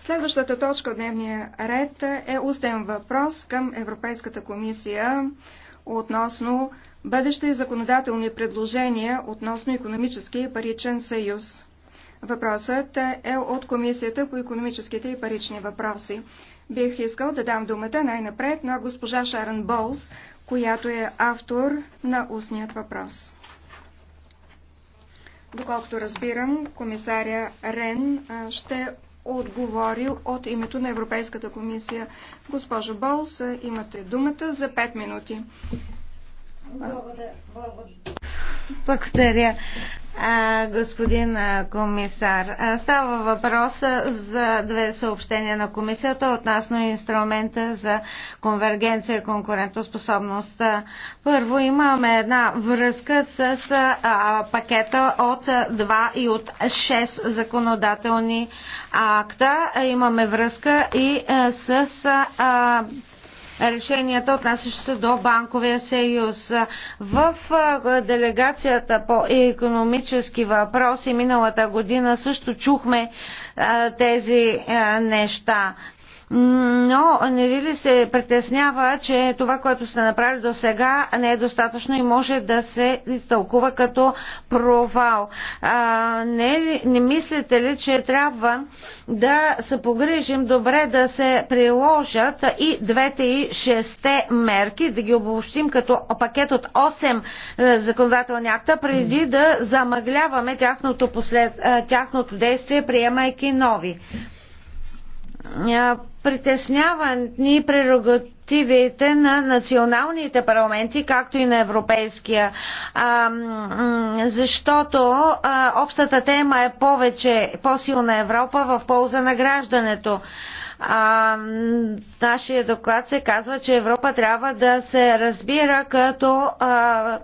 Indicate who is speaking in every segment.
Speaker 1: Следващата точка от дневния ред е устен въпрос към Европейската комисия относно бъдещи законодателни предложения относно економически и паричен съюз. Въпросът е от Комисията по економическите и парични въпроси. Бих искал да дам думата най-напред на госпожа Шарън Болс, която е автор на устният въпрос. Доколкото разбирам, комисаря Рен ще отговорил от името на Европейската комисия. Госпожа
Speaker 2: Болс, имате думата за 5 минути. Благодаря. Благодаря господин комисар. Става въпрос за две съобщения на комисията относно инструмента за конвергенция и конкурентоспособност. Първо имаме една връзка с пакета от 2 и от 6 законодателни акта. Имаме връзка и с решенията, отнасящи се до банковия съюз. В делегацията по економически въпроси миналата година също чухме тези неща но нали ли се притеснява, че това, което сте направили до сега не е достатъчно и може да се изтълкува като провал. А, не, не мислите ли, че трябва да се погрижим добре да се приложат и двете и шесте мерки, да ги обобщим като пакет от 8 е, законодателни акта, преди да замъгляваме тяхното, послед, е, тяхното действие, приемайки нови? Притесняват ни прерогативите на националните парламенти, както и на европейския, а, защото а, общата тема е повече, по-силна Европа в полза на граждането. А, нашия доклад се казва, че Европа трябва да се разбира като а,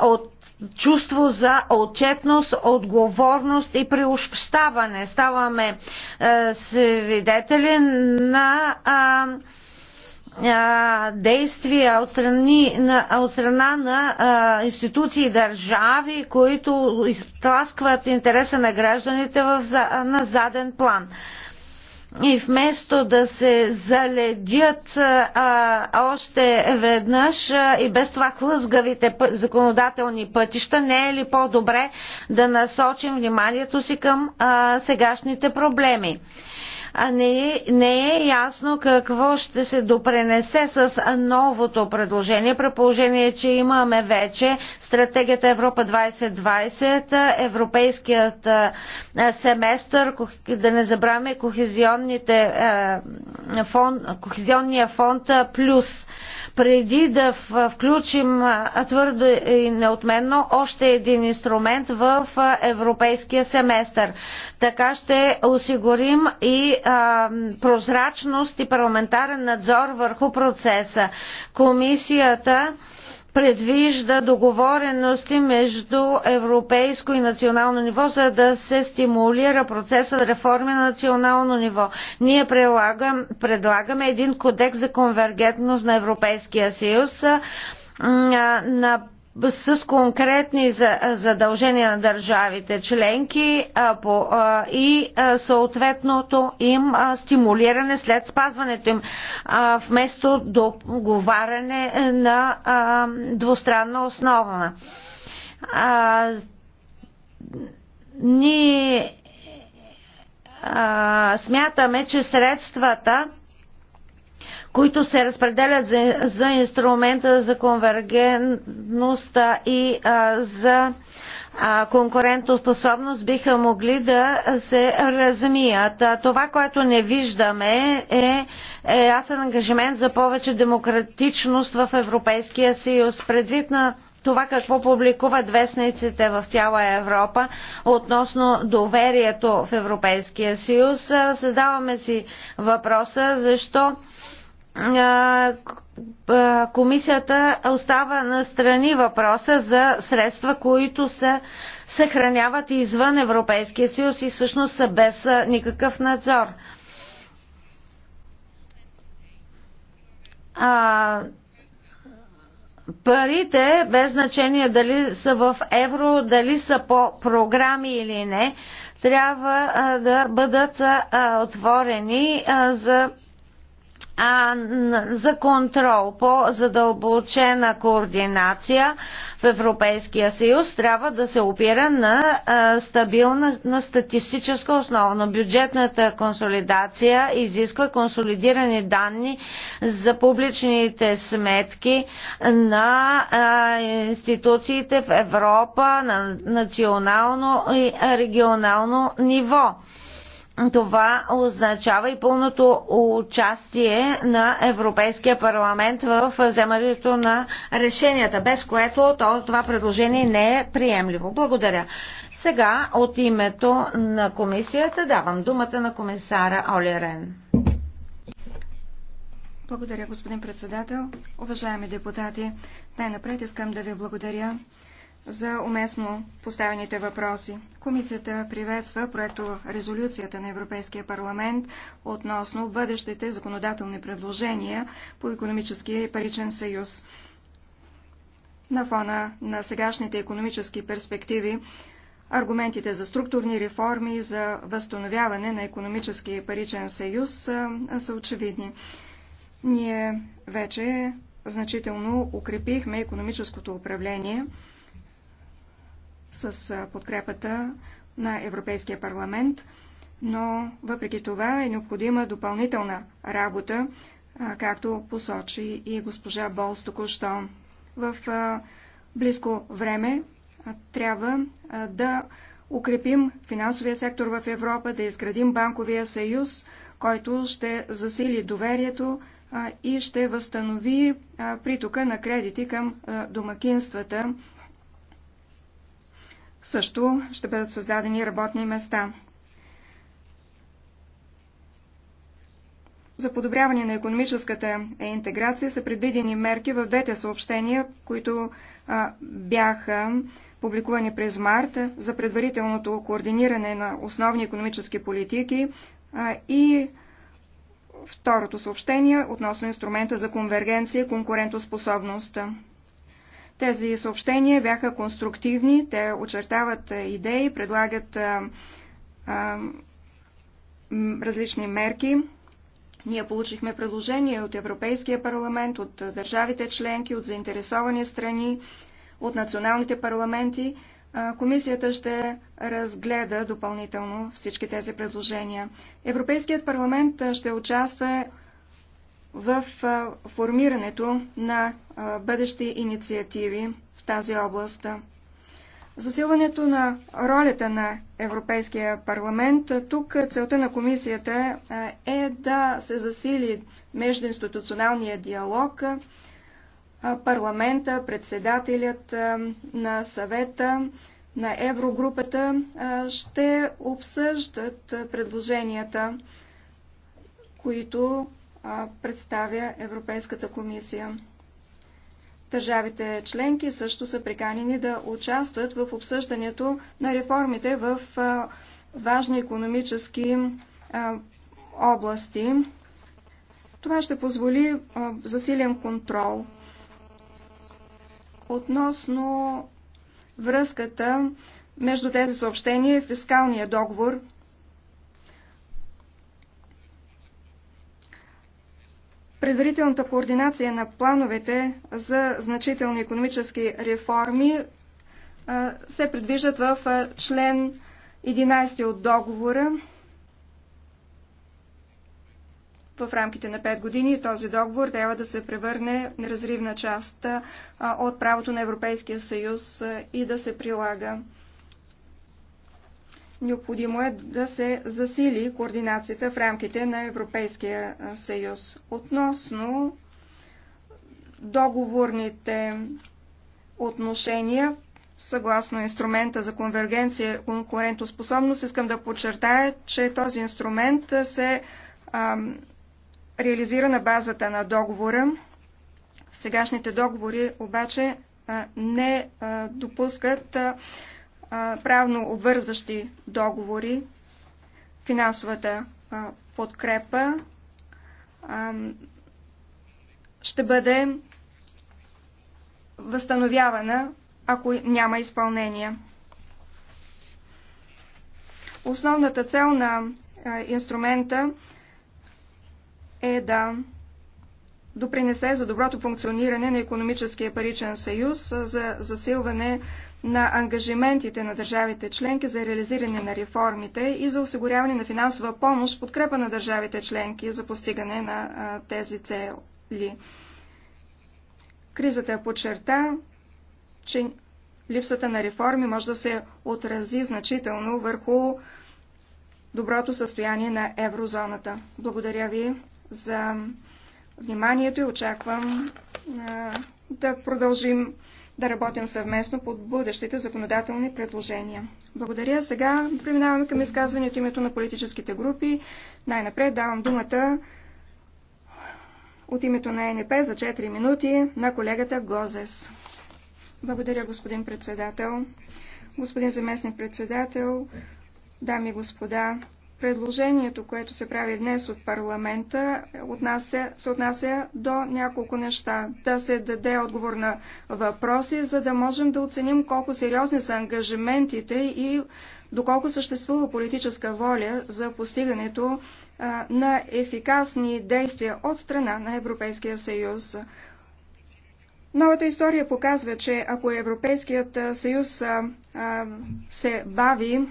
Speaker 2: от чувство за отчетност, отговорност и приобщаване. Ставаме е, свидетели на е, е, действия от, страни, на, от страна на е, институции и държави, които изтласкват интереса на гражданите в, на заден план. Е, и вместо да се заледят а, още веднъж а, и без това хлъзгавите законодателни пътища, не е ли по-добре да насочим вниманието си към а, сегашните проблеми? не, не е ясно какво ще се допренесе с новото предложение, при положение, че имаме вече стратегията Европа 2020, европейският семестър, да не забравяме кохезионните кохезионния фонд плюс преди да включим твърдо и неотменно още един инструмент в европейския семестър. Така ще осигурим и а, прозрачност и парламентарен надзор върху процеса. Комисията предвижда договорености между европейско и национално ниво, за да се стимулира процеса на реформи на национално ниво. Ние прилагам, предлагаме един кодекс за конвергентност на Европейския съюз на с конкретни задължения на държавите членки и съответното им стимулиране след спазването им, вместо договаряне е, на двустранна основа. Ние смятаме, че средствата които се разпределят за, за инструмента за конвергентността и а, за конкурентоспособност биха могли да се размият. Това, което не виждаме е, е ясен ангажимент за повече демократичност в Европейския съюз. Предвид на това какво публикуват вестниците в цяла Европа относно доверието в Европейския съюз, създаваме си въпроса защо комисията остава на страни въпроса за средства, които се съхраняват извън Европейския съюз и всъщност са без никакъв надзор. А, парите, без значение дали са в евро, дали са по програми или не, трябва да бъдат отворени за а, за контрол по задълбочена координация в Европейския съюз трябва да се опира на а, стабилна на статистическа основа. Но бюджетната консолидация изисква консолидирани данни за публичните сметки на а, институциите в Европа на национално и регионално ниво това означава и пълното участие на Европейския парламент в вземането на решенията, без което това предложение не е приемливо. Благодаря. Сега от името на комисията давам думата на комисара Оли Рен.
Speaker 1: Благодаря, господин председател. Уважаеми депутати, най-напред искам да ви благодаря за уместно поставените въпроси. Комисията приветства проекто резолюцията на Европейския парламент относно бъдещите законодателни предложения по економическия и паричен съюз. На фона на сегашните економически перспективи, аргументите за структурни реформи и за възстановяване на економическия и паричен съюз са, са очевидни. Ние вече значително укрепихме економическото управление, с подкрепата на Европейския парламент, но въпреки това е необходима допълнителна работа, както посочи и госпожа Болс току-що. В близко време трябва да укрепим финансовия сектор в Европа, да изградим банковия съюз, който ще засили доверието и ще възстанови притока на кредити към домакинствата също ще бъдат създадени работни места. За подобряване на економическата интеграция са предвидени мерки в двете съобщения, които а, бяха публикувани през март за предварителното координиране на основни економически политики а, и второто съобщение относно инструмента за конвергенция и конкурентоспособност. Тези съобщения бяха конструктивни, те очертават идеи, предлагат а, а, различни мерки. Ние получихме предложения от Европейския парламент, от държавите членки, от заинтересовани страни, от националните парламенти. Комисията ще разгледа допълнително всички тези предложения. Европейският парламент ще участва в формирането на бъдещи инициативи в тази област. Засилването на ролята на Европейския парламент. Тук целта на комисията е да се засили междуинституционалния диалог, парламента, председателят на съвета, на Еврогрупата ще обсъждат предложенията, които представя Европейската комисия. Държавите членки също са приканени да участват в обсъждането на реформите в важни економически области. Това ще позволи засилен контрол относно връзката между тези съобщения и фискалния договор – Предварителната координация на плановете за значителни економически реформи се предвиждат в член 11 от договора в рамките на 5 години този договор трябва да се превърне в неразривна част от правото на Европейския съюз и да се прилага. Необходимо е да се засили координацията в рамките на Европейския съюз. Относно договорните отношения, съгласно инструмента за конвергенция и конкурентоспособност, искам да подчертая, че този инструмент се ам, реализира на базата на договора. Сегашните договори обаче а, не а, допускат а, правно обвързващи договори, финансовата подкрепа ще бъде възстановявана, ако няма изпълнение. Основната цел на инструмента е да допринесе за доброто функциониране на економическия паричен съюз, за засилване на ангажиментите на държавите членки за реализиране на реформите и за осигуряване на финансова помощ, в подкрепа на държавите членки за постигане на тези цели. Кризата подчерта, че липсата на реформи може да се отрази значително върху доброто състояние на еврозоната. Благодаря ви за вниманието и очаквам да продължим да работим съвместно под бъдещите законодателни предложения. Благодаря. Сега преминаваме към изказването името на политическите групи. Най-напред давам думата от името на НП за 4 минути на колегата Гозес. Благодаря, господин председател. Господин заместник председател, дами и господа, Предложението, което се прави днес от парламента, отнася, се отнася до няколко неща. Да се даде отговор на въпроси, за да можем да оценим колко сериозни са ангажиментите и доколко съществува политическа воля за постигането а, на ефикасни действия от страна на Европейския съюз. Новата история показва, че ако Европейският съюз а, а, се бави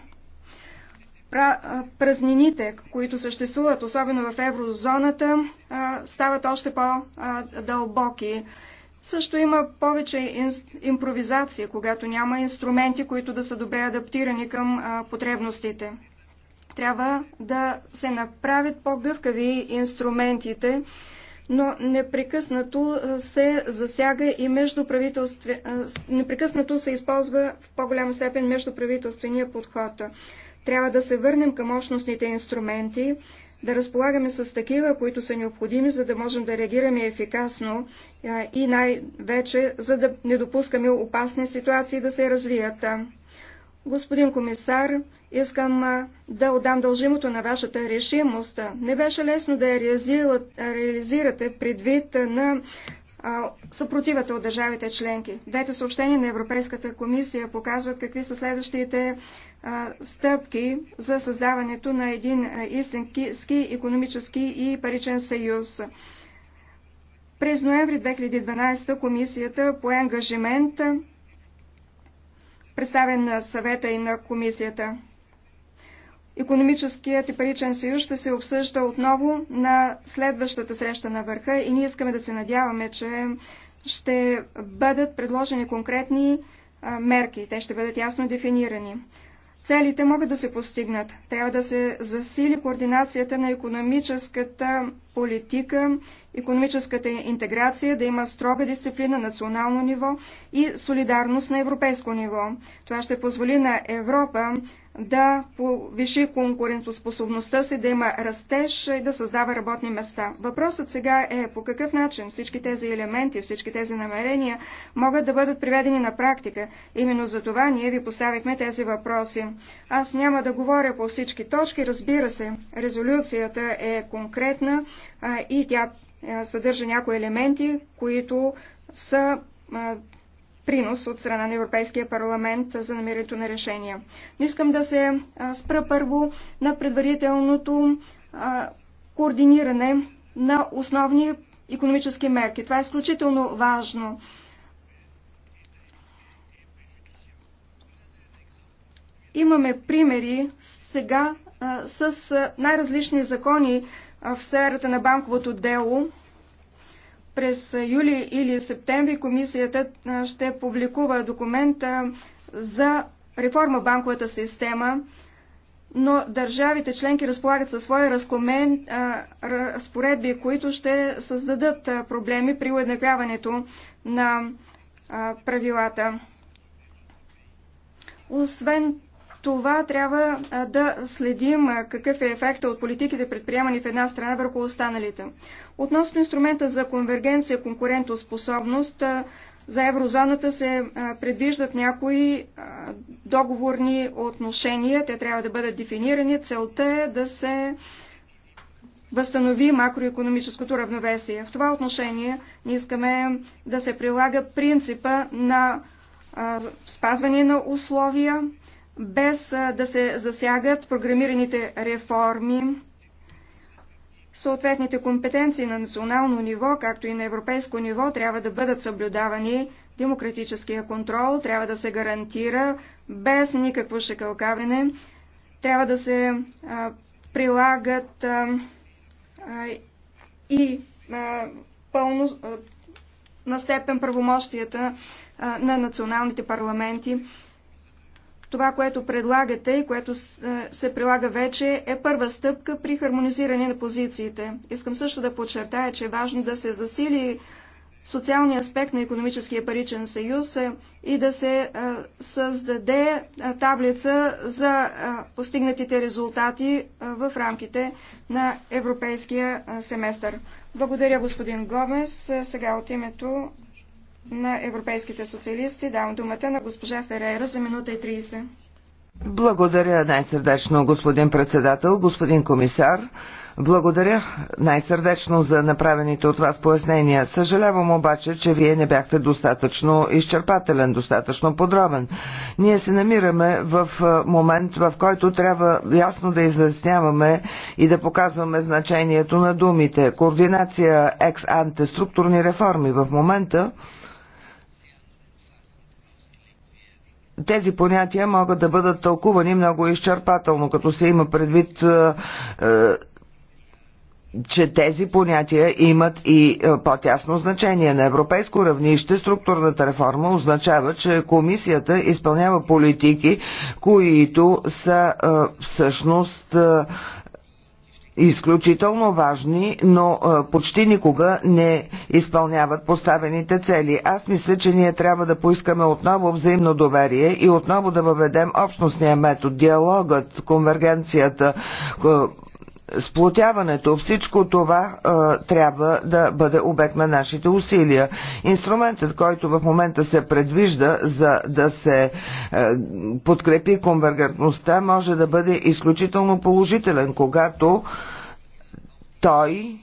Speaker 1: празнините, които съществуват, особено в еврозоната, стават още по-дълбоки. Също има повече импровизация, когато няма инструменти, които да са добре адаптирани към потребностите. Трябва да се направят по-гъвкави инструментите, но непрекъснато се засяга и междуправителстве... непрекъснато се използва в по-голяма степен междуправителствения подход. Трябва да се върнем към общностните инструменти, да разполагаме с такива, които са необходими, за да можем да реагираме ефикасно и най-вече, за да не допускаме опасни ситуации да се развият. Господин комисар, искам да отдам дължимото на вашата решимост. Не беше лесно да я реализирате предвид на съпротивата от държавите членки. Двете съобщения на Европейската комисия показват какви са следващите стъпки за създаването на един истински економически и паричен съюз. През ноември 2012 комисията по ангажимент представен на съвета и на комисията. Економическият и паричен съюз ще се обсъжда отново на следващата среща на върха и ние искаме да се надяваме, че ще бъдат предложени конкретни мерки. Те ще бъдат ясно дефинирани. Целите могат да се постигнат. Трябва да се засили координацията на економическата политика, економическата интеграция, да има строга дисциплина на национално ниво и солидарност на европейско ниво. Това ще позволи на Европа да повиши конкурентоспособността си, да има растеж и да създава работни места. Въпросът сега е по какъв начин всички тези елементи, всички тези намерения могат да бъдат приведени на практика. Именно за това ние ви поставихме тези въпроси. Аз няма да говоря по всички точки, разбира се. Резолюцията е конкретна а, и тя съдържа някои елементи, които са принос от страна на Европейския парламент за намирането на решения. Но искам да се спра първо на предварителното координиране на основни економически мерки. Това е изключително важно. Имаме примери сега с най-различни закони в сферата на банковото дело, през юли или септември комисията ще публикува документа за реформа в банковата система, но държавите членки разполагат със свои разкомен, разпоредби, които ще създадат проблеми при уеднаквяването на правилата. Освен това, трябва да следим какъв е ефектът от политиките предприемани в една страна върху останалите. Относно инструмента за конвергенция и конкурентоспособност, за еврозоната се предвиждат някои договорни отношения. Те трябва да бъдат дефинирани. Целта е да се възстанови макроекономическото равновесие. В това отношение ние искаме да се прилага принципа на спазване на условия, без да се засягат програмираните реформи Съответните компетенции на национално ниво, както и на европейско ниво, трябва да бъдат съблюдавани. Демократическия контрол трябва да се гарантира без никакво шекалкаване. Трябва да се а, прилагат а, а, и а, пълно а, на степен правомощията а, на националните парламенти. Това, което предлагате и което е, се прилага вече, е първа стъпка при хармонизиране на позициите. Искам също да подчертая, че е важно да се засили социалния аспект на економическия паричен съюз е, и да се е, създаде таблица за постигнатите резултати в рамките на европейския семестър. Благодаря, господин Гомес. Сега от името на европейските социалисти. Давам думата на госпожа Ферейра за минута и 30.
Speaker 3: Благодаря най-сърдечно, господин председател, господин комисар. Благодаря най-сърдечно за направените от вас пояснения. Съжалявам обаче, че вие не бяхте достатъчно изчерпателен, достатъчно подробен. Ние се намираме в момент, в който трябва ясно да изясняваме и да показваме значението на думите. Координация екс-анте структурни реформи в момента тези понятия могат да бъдат тълкувани много изчерпателно, като се има предвид е, е, че тези понятия имат и е, по-тясно значение. На европейско равнище структурната реформа означава, че комисията изпълнява политики, които са всъщност изключително важни, но почти никога не изпълняват поставените цели. Аз мисля, че ние трябва да поискаме отново взаимно доверие и отново да въведем общностния метод, диалогът, конвергенцията, сплотяването, всичко това а, трябва да бъде обект на нашите усилия. Инструментът, който в момента се предвижда за да се а, подкрепи конвергентността, може да бъде изключително положителен, когато той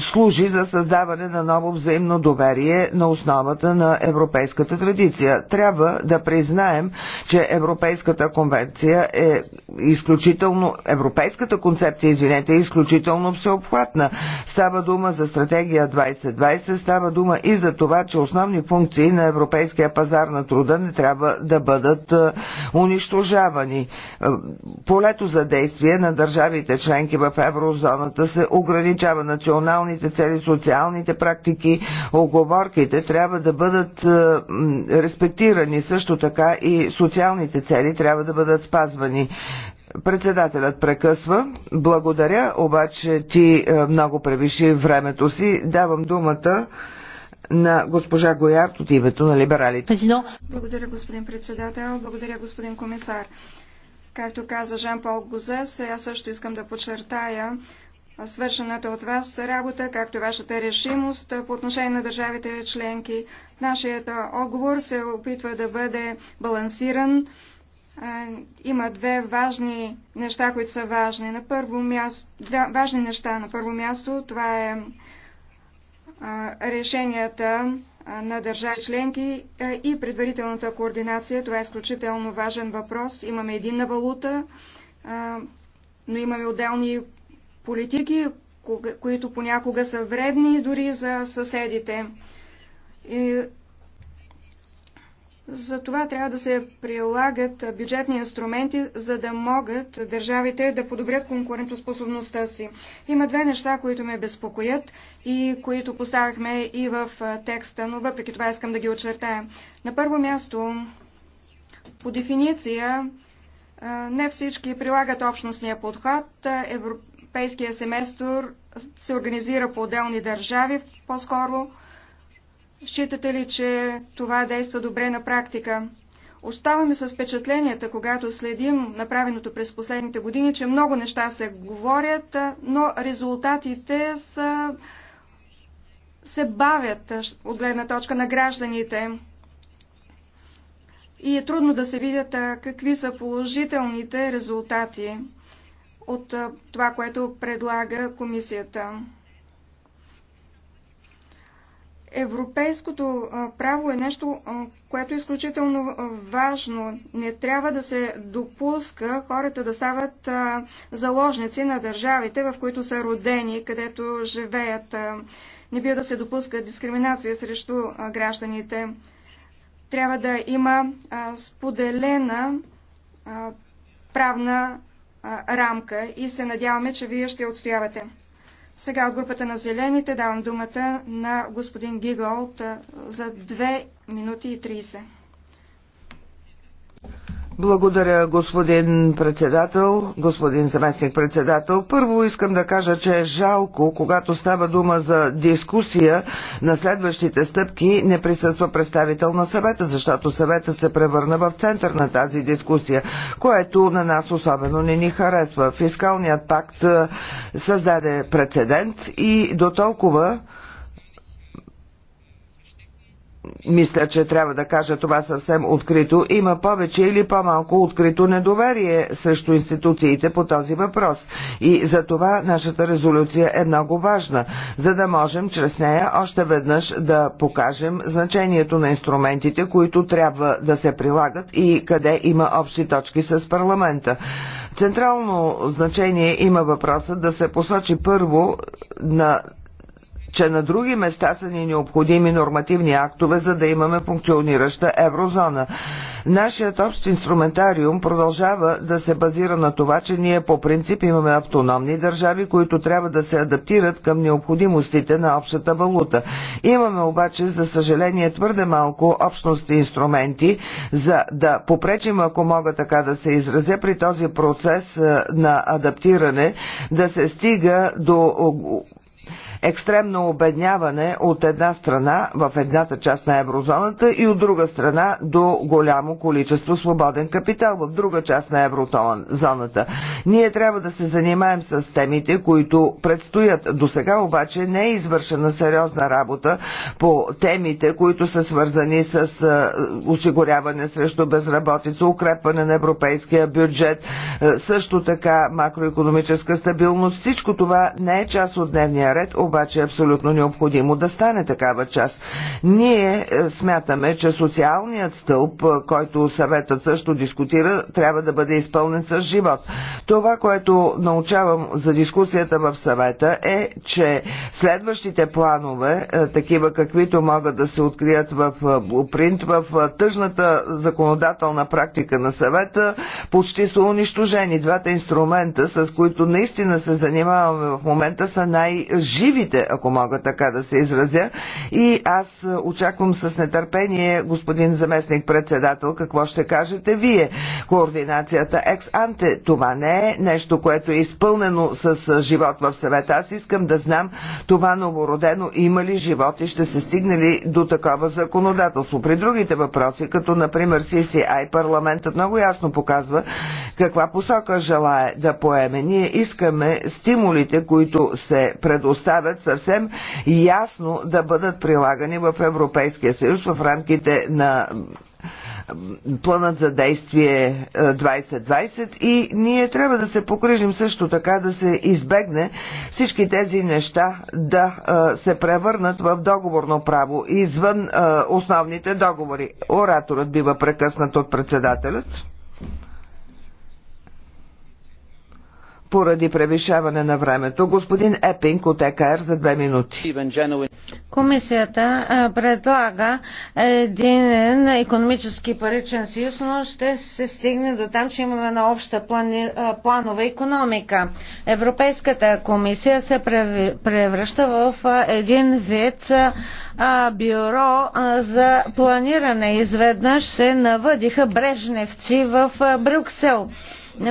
Speaker 3: служи за създаване на ново взаимно доверие на основата на европейската традиция. Трябва да признаем, че Европейската конвенция е изключително, Европейската концепция, извинете, е изключително всеобхватна. Става дума за стратегия 2020, става дума и за това, че основни функции на европейския пазар на труда не трябва да бъдат е, унищожавани. Е, полето за действие на държавите членки в еврозоната се ограничава национално социалните цели, социалните практики, оговорките трябва да бъдат е, респектирани. Също така и социалните цели трябва да бъдат спазвани. Председателят прекъсва. Благодаря, обаче ти е, много превиши времето си. Давам думата на госпожа Гоярд от името на либералите.
Speaker 1: Благодаря, господин председател. Благодаря, господин комисар. Както каза Жан-Пол Гозес, аз също искам да подчертая свършената от вас работа, както вашата решимост по отношение на държавите членки. Нашият отговор се опитва да бъде балансиран. Има две важни неща, които са важни. На първо място, две важни неща. На първо място това е решенията на държави членки и предварителната координация. Това е изключително важен въпрос. Имаме единна валута, но имаме отделни политики, които понякога са вредни дори за съседите. И за това трябва да се прилагат бюджетни инструменти, за да могат държавите да подобрят конкурентоспособността си. Има две неща, които ме безпокоят и които поставихме и в текста, но въпреки това искам да ги очертая. На първо място, по дефиниция, не всички прилагат общностния подход. Европ европейския семестър се организира по отделни държави по-скоро. Считате ли, че това действа добре на практика? Оставаме с впечатленията, когато следим направеното през последните години, че много неща се говорят, но резултатите са, се бавят от гледна точка на гражданите. И е трудно да се видят какви са положителните резултати от това, което предлага комисията. Европейското право е нещо, което е изключително важно. Не трябва да се допуска хората да стават заложници на държавите, в които са родени, където живеят. Не бива да се допуска дискриминация срещу гражданите. Трябва да има споделена правна рамка и се надяваме, че вие ще отстоявате. Сега от групата на зелените давам думата на господин Гиголт за 2 минути и 30.
Speaker 3: Благодаря, господин председател, господин заместник председател. Първо искам да кажа, че е жалко, когато става дума за дискусия на следващите стъпки, не присъства представител на съвета, защото съветът се превърна в център на тази дискусия, което на нас особено не ни харесва. Фискалният пакт създаде прецедент и до толкова мисля, че трябва да кажа това съвсем открито, има повече или по-малко открито недоверие срещу институциите по този въпрос. И за това нашата резолюция е много важна, за да можем чрез нея още веднъж да покажем значението на инструментите, които трябва да се прилагат и къде има общи точки с парламента. Централно значение има въпроса да се посочи първо на че на други места са ни необходими нормативни актове, за да имаме функционираща еврозона. Нашият общ инструментариум продължава да се базира на това, че ние по принцип имаме автономни държави, които трябва да се адаптират към необходимостите на общата валута. Имаме обаче, за съжаление, твърде малко общности инструменти, за да попречим, ако мога така да се изразя, при този процес е, на адаптиране да се стига до екстремно обедняване от една страна в едната част на еврозоната и от друга страна до голямо количество свободен капитал в друга част на еврозоната. Ние трябва да се занимаем с темите, които предстоят. До сега обаче не е извършена сериозна работа по темите, които са свързани с осигуряване срещу безработица, укрепване на европейския бюджет, също така макроекономическа стабилност. Всичко това не е част от дневния ред, обаче е абсолютно необходимо да стане такава част. Ние е, смятаме, че социалният стълб, е, който съветът също дискутира, трябва да бъде изпълнен с живот. Това, което научавам за дискусията в съвета е, че следващите планове, е, такива каквито могат да се открият в блупринт, в тъжната законодателна практика на съвета, почти са унищожени. Двата инструмента, с които наистина се занимаваме в момента, са най-живи мотивите, ако мога така да се изразя. И аз очаквам с нетърпение, господин заместник председател, какво ще кажете вие. Координацията екс-анте, това не е нещо, което е изпълнено с живот в съвета. Аз искам да знам това новородено има ли живот и ще се стигне ли до такова законодателство. При другите въпроси, като например CCI, парламентът много ясно показва каква посока желая да поеме. Ние искаме стимулите, които се предоставят правят съвсем ясно да бъдат прилагани в Европейския съюз в рамките на планът за действие 2020 е, и ние трябва да се покрижим също така да се избегне всички тези неща да е, се превърнат в договорно право извън е, основните договори. Ораторът бива прекъснат от председателят. поради превишаване на времето. Господин Епинг от ЕКР за две минути.
Speaker 2: Комисията предлага един економически паричен съюз, но ще се стигне до там, че имаме една обща плани... планова економика. Европейската комисия се превръща в един вид бюро за планиране. Изведнъж се навъдиха брежневци в Брюксел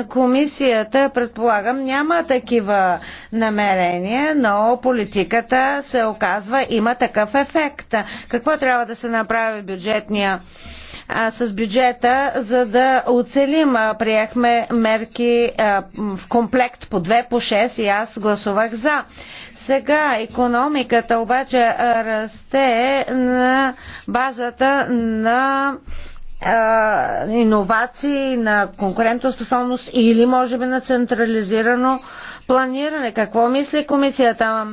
Speaker 2: Комисията, предполагам, няма такива намерения, но политиката се оказва има такъв ефект. Какво трябва да се направи бюджетния с бюджета, за да оцелим. Приехме мерки в комплект по 2 по 6 и аз гласувах за. Сега економиката обаче расте на базата на иновации, на конкурентоспособност или може би на централизирано планиране. Какво мисли комисията?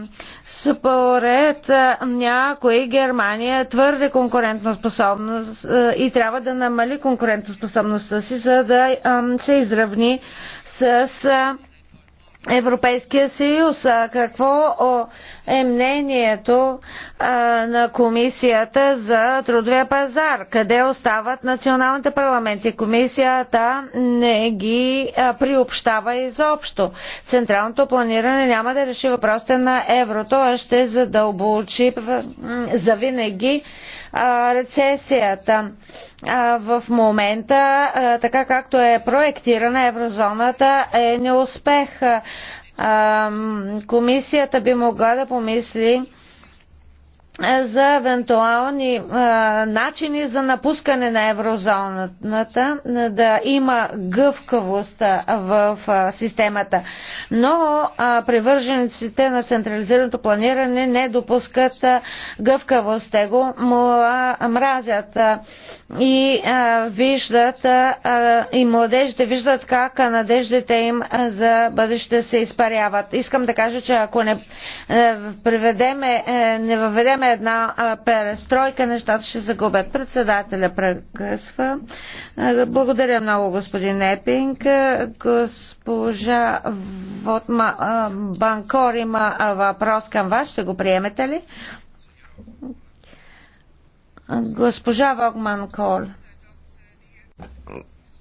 Speaker 2: Според някои Германия е твърде конкурентоспособност и трябва да намали конкурентоспособността си, за да се изравни с Европейския съюз. Какво е мнението на комисията за трудовия пазар? Къде остават националните парламенти? Комисията не ги приобщава изобщо. Централното планиране няма да реши въпросите на еврото, а ще задълбочи завинаги рецесията. В момента, така както е проектирана еврозоната, е неуспех. Комисията би могла да помисли е, за евентуални а, е, начини за напускане на еврозоната, е, да има гъвкавост в а, системата. Но а, привържениците на централизираното планиране не допускат а, гъвкавост. Те го мразят. А, и а, виждат а, и младежите виждат как надеждите им за бъдеще се изпаряват. Искам да кажа, че ако не, приведеме, не въведеме една перестройка, нещата ще загубят. Председателя прекъсва. благодаря много, господин Епинг. Госпожа Вотма, Банкор има въпрос към вас. Ще го приемете ли? Госпожа Вогман Кол.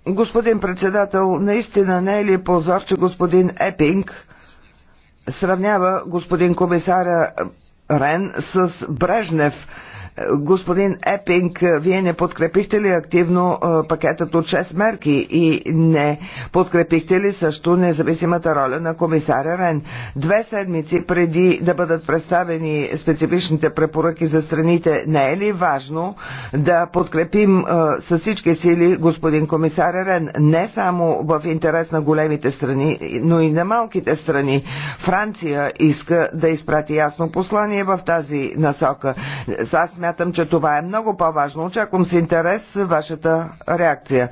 Speaker 3: Господин председател, наистина не е ли позор, че господин Епинг сравнява господин комисаря Рен с Брежнев? Господин Епинг, вие не подкрепихте ли активно пакетът от 6 мерки и не подкрепихте ли също независимата роля на комисаря Рен? Две седмици преди да бъдат представени специфичните препоръки за страните, не е ли важно да подкрепим със всички сили господин комисаря Рен? Не само в интерес на големите страни, но и на малките страни. Франция иска да изпрати ясно послание в тази насока. Аз смятам, че това е много по-важно. Очаквам с интерес вашата реакция.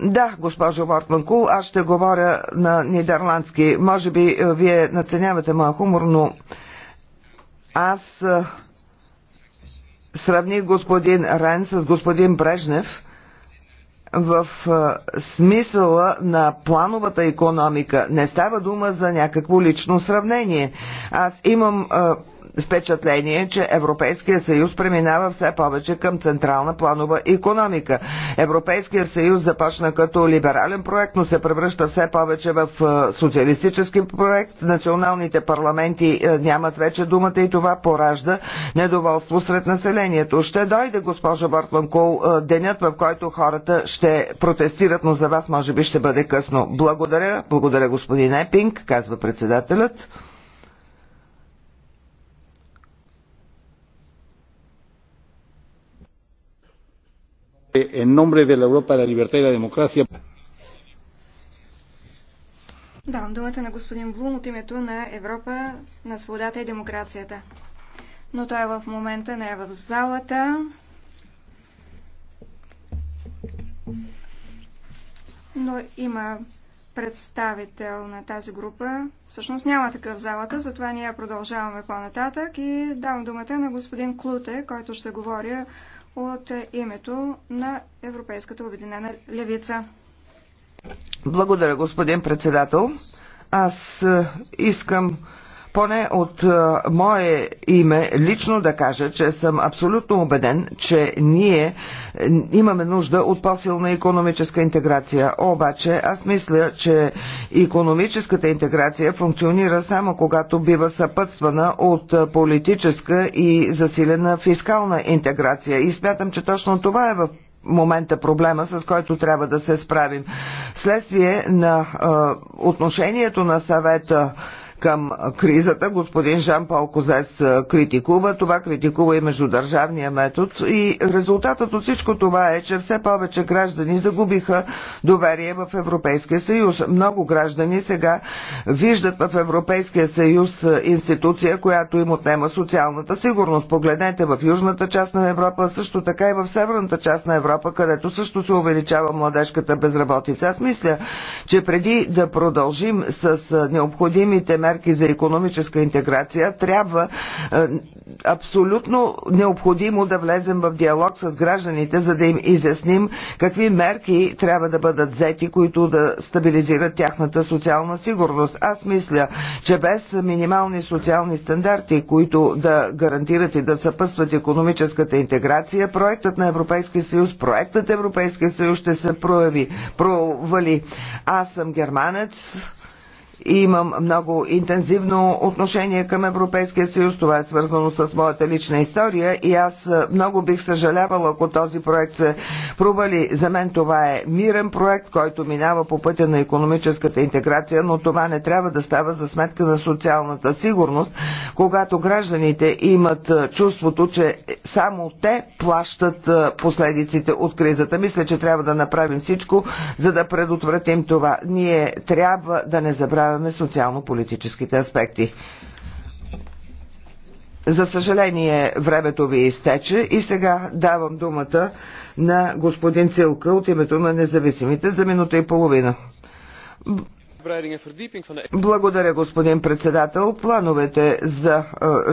Speaker 3: Да, госпожо Мортман Кул, аз ще говоря на нидерландски. Може би е, вие наценявате моя хумор, но аз е, сравних господин Рен с господин Брежнев в е, смисъла на плановата економика. Не става дума за някакво лично сравнение. Аз имам впечатление, че Европейския съюз преминава все повече към централна планова економика. Европейския съюз започна като либерален проект, но се превръща все повече в е, социалистически проект. Националните парламенти е, нямат вече думата и това поражда недоволство сред населението. Ще дойде, госпожа Бортман е, денят, в който хората ще протестират, но за вас може би ще бъде късно. Благодаря, благодаря господин Епинг, казва председателят.
Speaker 1: En nombre de la Europa, la libertad y la democracia. Давам думата на господин Блум от името на Европа на свободата и демокрацията. Но той е в момента не е в залата. Но има представител на тази група. Всъщност няма такъв залата, затова ние продължаваме по-нататък и давам думата на господин Клуте, който ще говоря от името на Европейската обединена левица.
Speaker 3: Благодаря, господин председател. Аз е, искам поне от е, мое име лично да кажа, че съм абсолютно убеден, че ние е, имаме нужда от по-силна економическа интеграция. Обаче аз мисля, че економическата интеграция функционира само когато бива съпътствана от е, политическа и засилена фискална интеграция. И смятам, че точно това е в момента проблема, с който трябва да се справим. Следствие на а, отношението на съвета към кризата. Господин Жан-Пол Козес критикува това, критикува и междудържавния метод и резултатът от всичко това е, че все повече граждани загубиха доверие в Европейския съюз. Много граждани сега виждат в Европейския съюз институция, която им отнема социалната сигурност. Погледнете в южната част на Европа, също така и в северната част на Европа, където също се увеличава младежката безработица. Аз мисля, че преди да продължим с необходимите методи мерки за економическа интеграция, трябва е, абсолютно необходимо да влезем в диалог с гражданите, за да им изясним какви мерки трябва да бъдат взети, които да стабилизират тяхната социална сигурност. Аз мисля, че без минимални социални стандарти, които да гарантират и да съпъстват економическата интеграция, проектът на Европейския съюз, проектът Европейския съюз ще се прояви, провали. Аз съм германец, имам много интензивно отношение към Европейския съюз. Това е свързано с моята лична история и аз е, много бих съжалявала, ако този проект се провали. За мен това е мирен проект, който минава по пътя на економическата интеграция, но това не трябва да става за сметка на социалната сигурност, когато гражданите имат е, чувството, че само те плащат е, последиците от кризата. Мисля, че трябва да направим всичко, за да предотвратим това. Ние трябва да не забравяме поставяме социално-политическите аспекти. За съжаление, времето ви изтече и сега давам думата на господин Цилка от името на независимите за минута и половина. Благодаря, господин председател. Плановете за е,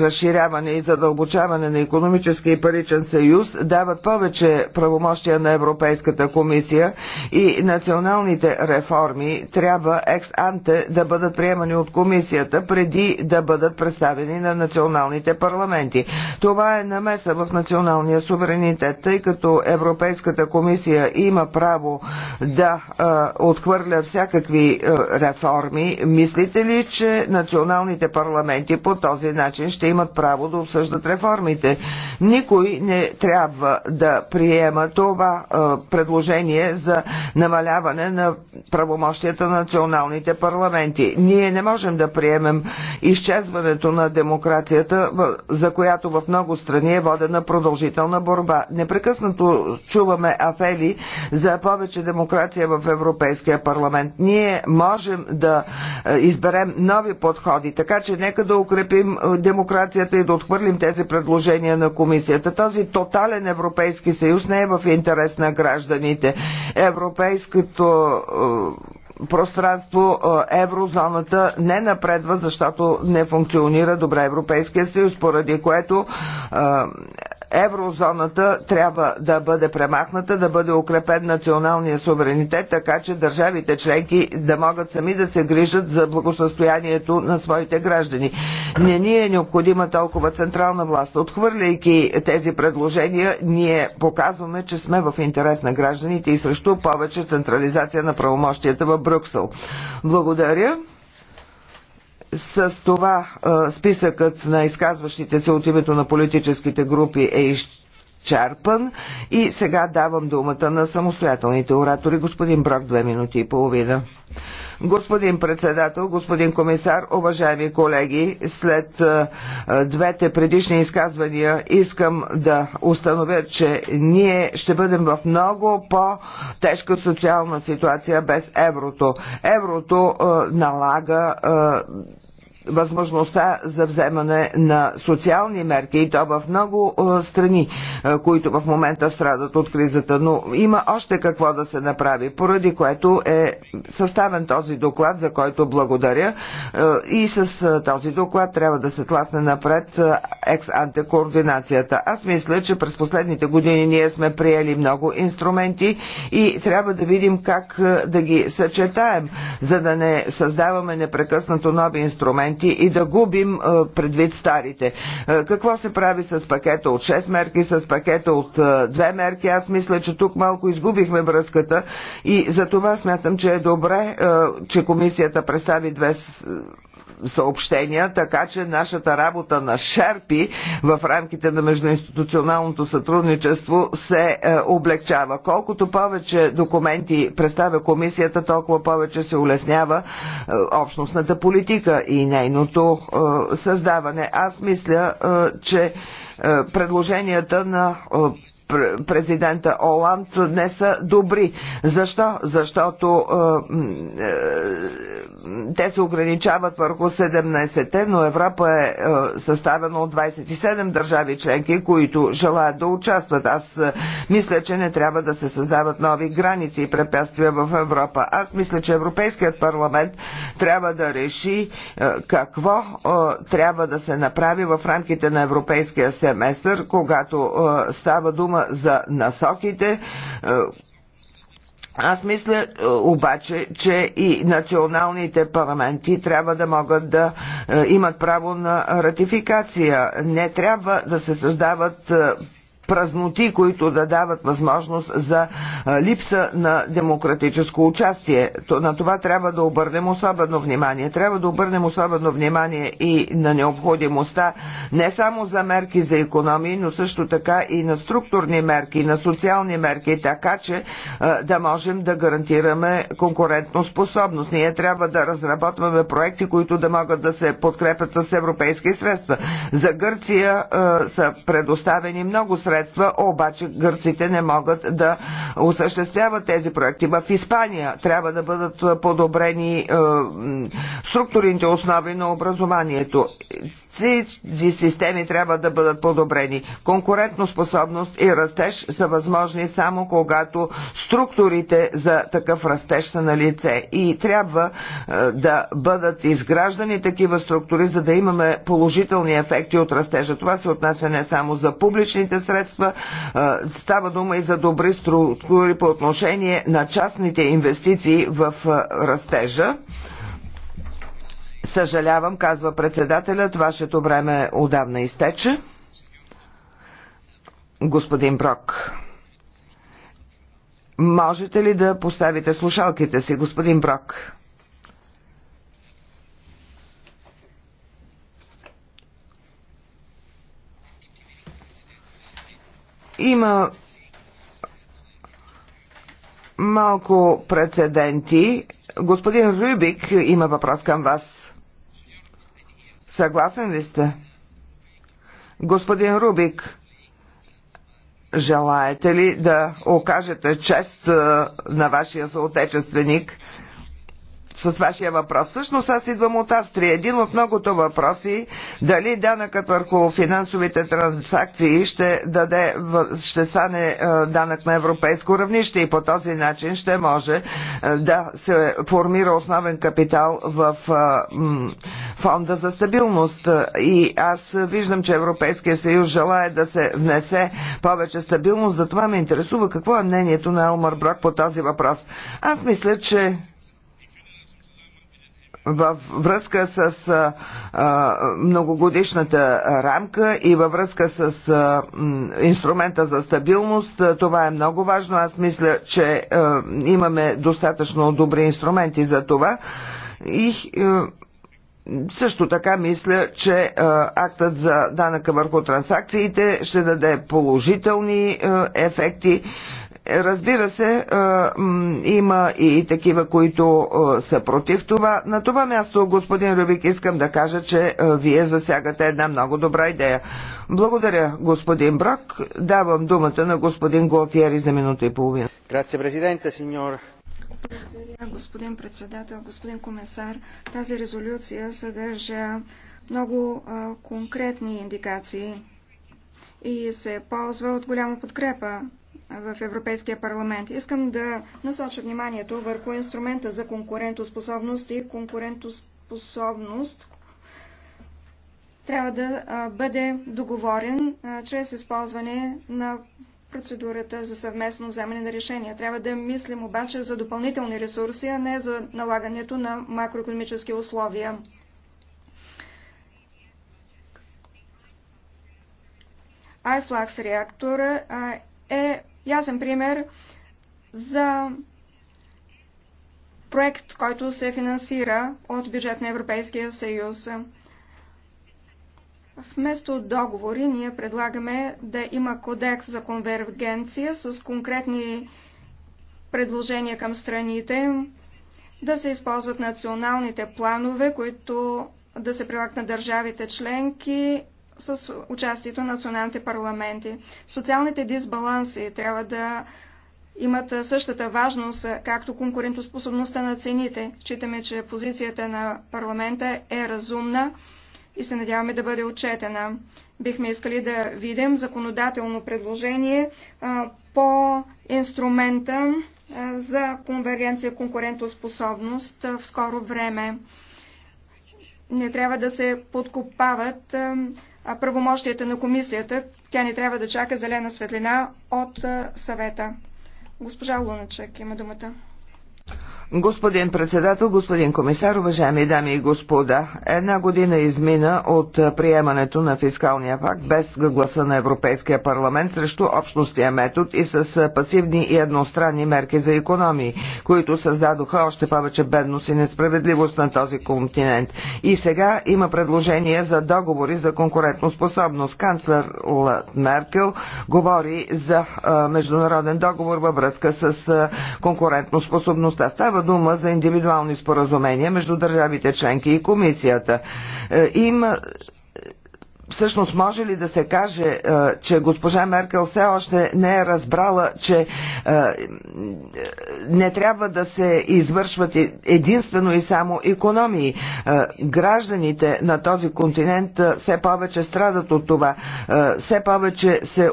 Speaker 3: разширяване и задълбочаване на економически и паричен съюз дават повече правомощия на Европейската комисия и националните реформи трябва екс-анте да бъдат приемани от комисията преди да бъдат представени на националните парламенти. Това е намеса в националния суверенитет, тъй като Европейската комисия има право да е, отхвърля всякакви е, реформи, мислите ли, че националните парламенти по този начин ще имат право да обсъждат реформите? Никой не трябва да приема това предложение за намаляване на правомощията на националните парламенти. Ние не можем да приемем изчезването на демокрацията, за която в много страни е водена продължителна борба. Непрекъснато чуваме афели за повече демокрация в Европейския парламент. Ние може можем да е, изберем нови подходи. Така че нека да укрепим е, демокрацията и да отхвърлим тези предложения на комисията. Този тотален Европейски съюз не е в интерес на гражданите. Европейското е, пространство еврозоната не напредва, защото не функционира добре Европейския съюз, поради което еврозоната трябва да бъде премахната, да бъде укрепен националния суверенитет, така че държавите членки да могат сами да се грижат за благосъстоянието на своите граждани. Не ни е необходима толкова централна власт. Отхвърляйки тези предложения, ние показваме, че сме в интерес на гражданите и срещу повече централизация на правомощията в Брюксел. Благодаря. С това списъкът на изказващите се от името на политическите групи е изчерпан и сега давам думата на самостоятелните оратори. Господин Брак, две минути и половина. Господин председател, господин комисар, уважаеми колеги, след е, е, двете предишни изказвания искам да установя, че ние ще бъдем в много по-тежка социална ситуация без еврото. Еврото е, налага възможността за вземане на социални мерки и то в много е, страни, е, които в момента страдат от кризата. Но има още какво да се направи, поради което е съставен този доклад, за който благодаря. Е, и с този доклад трябва да се тласне напред екс-анте координацията. Аз мисля, че през последните години ние сме приели много инструменти и трябва да видим как да ги съчетаем, за да не създаваме непрекъснато нови инструменти инструменти и да губим предвид старите. Какво се прави с пакета от 6 мерки, с пакета от 2 мерки? Аз мисля, че тук малко изгубихме връзката и за това смятам, че е добре, че комисията представи две съобщения, така че нашата работа на Шерпи в рамките на междуинституционалното сътрудничество се е, облегчава. Колкото повече документи представя комисията, толкова повече се улеснява е, общностната политика и нейното е, създаване. Аз мисля, че предложенията на президента Оланд не са добри. Защо? Защото е, е, те се ограничават върху 17-те, но Европа е, е съставена от 27 държави членки, които желаят да участват. Аз е, мисля, че не трябва да се създават нови граници и препятствия в Европа. Аз мисля, че Европейският парламент трябва да реши е, какво е, трябва да се направи в рамките на европейския семестър, когато е, става дума дума за насоките. Е, аз мисля е, обаче, че и националните парламенти трябва да могат да е, имат право на ратификация. Не трябва да се създават празноти, които да дават възможност за липса на демократическо участие. На това трябва да обърнем особено внимание. Трябва да обърнем особено внимание и на необходимостта не само за мерки за економии, но също така и на структурни мерки, на социални мерки, така че да можем да гарантираме конкурентно способност. Ние трябва да разработваме проекти, които да могат да се подкрепят с европейски средства. За Гърция са предоставени много средства средства, обаче гърците не могат да осъществяват тези проекти. В Испания трябва да бъдат подобрени е, структурните основи на образованието. Всички системи трябва да бъдат подобрени. Конкурентоспособност и растеж са възможни само когато структурите за такъв растеж са на лице и трябва е, да бъдат изграждани такива структури, за да имаме положителни ефекти от растежа. Това се отнася не само за публичните средства, е, става дума и за добри структури по отношение на частните инвестиции в е, растежа. Съжалявам, казва председателят, вашето време отдавна изтече. Господин Брок. Можете ли да поставите слушалките си, господин Брок? Има малко прецеденти. Господин Рюбик има въпрос към вас. Съгласен ли сте? Господин Рубик, желаете ли да окажете чест на вашия съотечественик? с вашия въпрос. Всъщност аз идвам от Австрия. Един от многото въпроси дали данъкът върху финансовите транзакции ще, даде, ще стане е, данък на европейско равнище и по този начин ще може е, да се формира основен капитал в е, фонда за стабилност. И аз виждам, че Европейския съюз желая да се внесе повече стабилност. Затова ме интересува какво е мнението на Елмар Брок по този въпрос. Аз мисля, че във връзка с а, а, многогодишната рамка и във връзка с а, инструмента за стабилност. Това е много важно. Аз мисля, че а, имаме достатъчно добри инструменти за това. И а, също така мисля, че а, актът за данъка върху транзакциите ще даде положителни а, ефекти. А, разбира се, има и такива, които са против това. На това място, господин Рубик, искам да кажа, че вие засягате една много добра идея. Благодаря, господин Брак. Давам думата на господин Голтиери за минута и половина. Грация, президенте, сеньор.
Speaker 1: Благодаря, господин председател, господин комисар. Тази резолюция съдържа много конкретни индикации и се ползва от голяма подкрепа в Европейския парламент. Искам да насоча вниманието върху инструмента за конкурентоспособност и конкурентоспособност трябва да бъде договорен чрез използване на процедурата за съвместно вземане на решения. Трябва да мислим обаче за допълнителни ресурси, а не за налагането на макроекономически условия. iFlux реактора е ясен пример за проект, който се финансира от бюджет на Европейския съюз. Вместо договори ние предлагаме да има кодекс за конвергенция с конкретни предложения към страните, да се използват националните планове, които да се прилагат на държавите членки с участието на националните парламенти. Социалните дисбаланси трябва да имат същата важност, както конкурентоспособността на цените. Считаме, че позицията на парламента е разумна и се надяваме да бъде отчетена. Бихме искали да видим законодателно предложение а, по инструмента а, за конвергенция конкурентоспособност а, в скоро време. Не трябва да се подкопават а, а правомощията на комисията. Тя не трябва да чака зелена светлина от съвета. Госпожа Луначек има думата.
Speaker 3: Господин председател, господин комисар, уважаеми дами и господа, една година измина от приемането на фискалния факт без гласа на Европейския парламент срещу общностия метод и с пасивни и едностранни мерки за економии, които създадоха още повече бедност и несправедливост на този континент. И сега има предложение за договори за конкурентоспособност. Канцлер Меркел говори за международен договор във връзка с конкурентоспособността общността. Става дума за индивидуални споразумения между държавите членки и комисията. Е, Има е, всъщност може ли да се каже, е, че госпожа Меркел все още не е разбрала, че не трябва да се извършват единствено и само економии. Гражданите на този континент все повече страдат от това, все повече се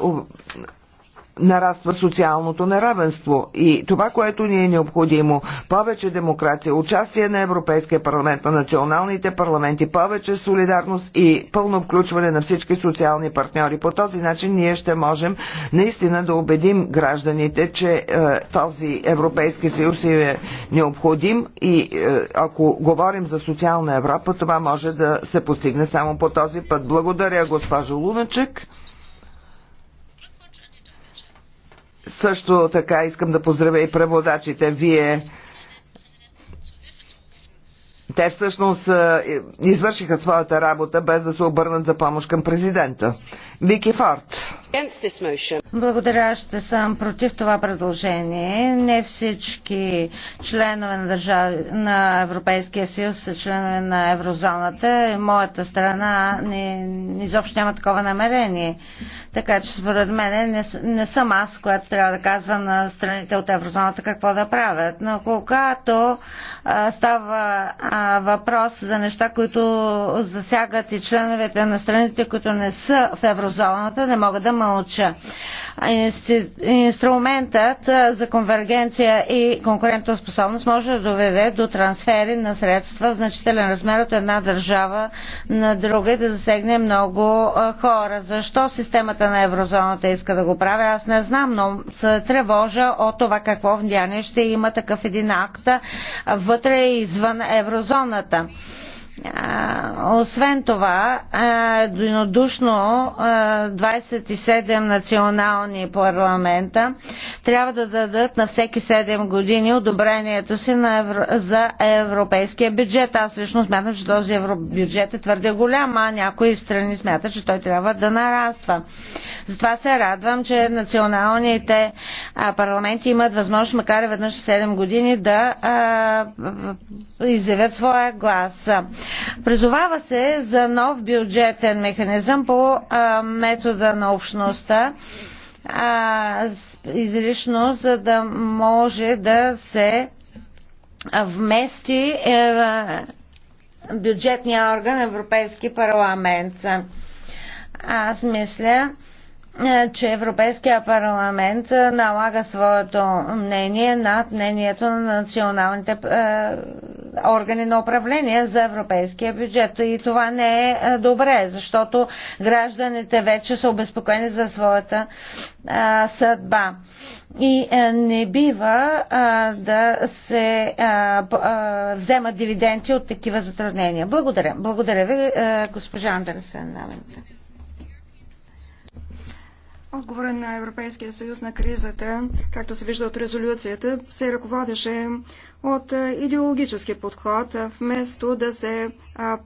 Speaker 3: нараства социалното неравенство. И това, което ни е необходимо, повече демокрация, участие на Европейския парламент, на националните парламенти, повече солидарност и пълно включване на всички социални партньори. По този начин ние ще можем наистина да убедим гражданите, че е, този Европейски съюз е необходим и е, ако говорим за социална Европа, това може да се постигне само по този път. Благодаря, госпожо Луначек. Също така искам да поздравя и преводачите. Вие те всъщност извършиха своята работа без да се обърнат за помощ към президента. Вики Форд.
Speaker 2: Благодаря, ще съм против това предложение. Не всички членове на, държави, на Европейския съюз са членове на еврозоната. Моята страна не, изобщо няма такова намерение. Така че според мен не, не съм аз, която трябва да казва на страните от еврозоната какво да правят. Но когато а, става а, въпрос за неща, които засягат и членовете на страните, които не са в еврозоната, не могат да мълча. Инструментът за конвергенция и конкурентоспособност може да доведе до трансфери на средства в значителен размер от една държава на друга и да засегне много хора. Защо системата на еврозоната иска да го прави, аз не знам, но се тревожа от това какво влияние ще има такъв един акт вътре и извън еврозоната. Освен това, единодушно 27 национални парламента трябва да дадат на всеки 7 години одобрението си на евро... за европейския бюджет. Аз лично смятам, че този евробюджет е твърде голям, а някои страни смятат, че той трябва да нараства. Затова се радвам, че националните парламенти имат възможност, макар и веднъж в 7 години, да изявят своя глас. Призовава се за нов бюджетен механизъм по метода на общността излишно, за да може да се вмести е, бюджетния орган Европейски парламент. Аз мисля, е, че Европейския парламент е, налага своето мнение над мнението на националните е, органи на управление за европейския бюджет. И това не е добре, защото гражданите вече са обезпокоени за своята съдба. И не бива да се вземат дивиденти от такива затруднения. Благодаря. Благодаря ви, госпожа Андерсен.
Speaker 1: Отговора на Европейския съюз на кризата, както се вижда от резолюцията, се ръководеше от идеологически подход, вместо да се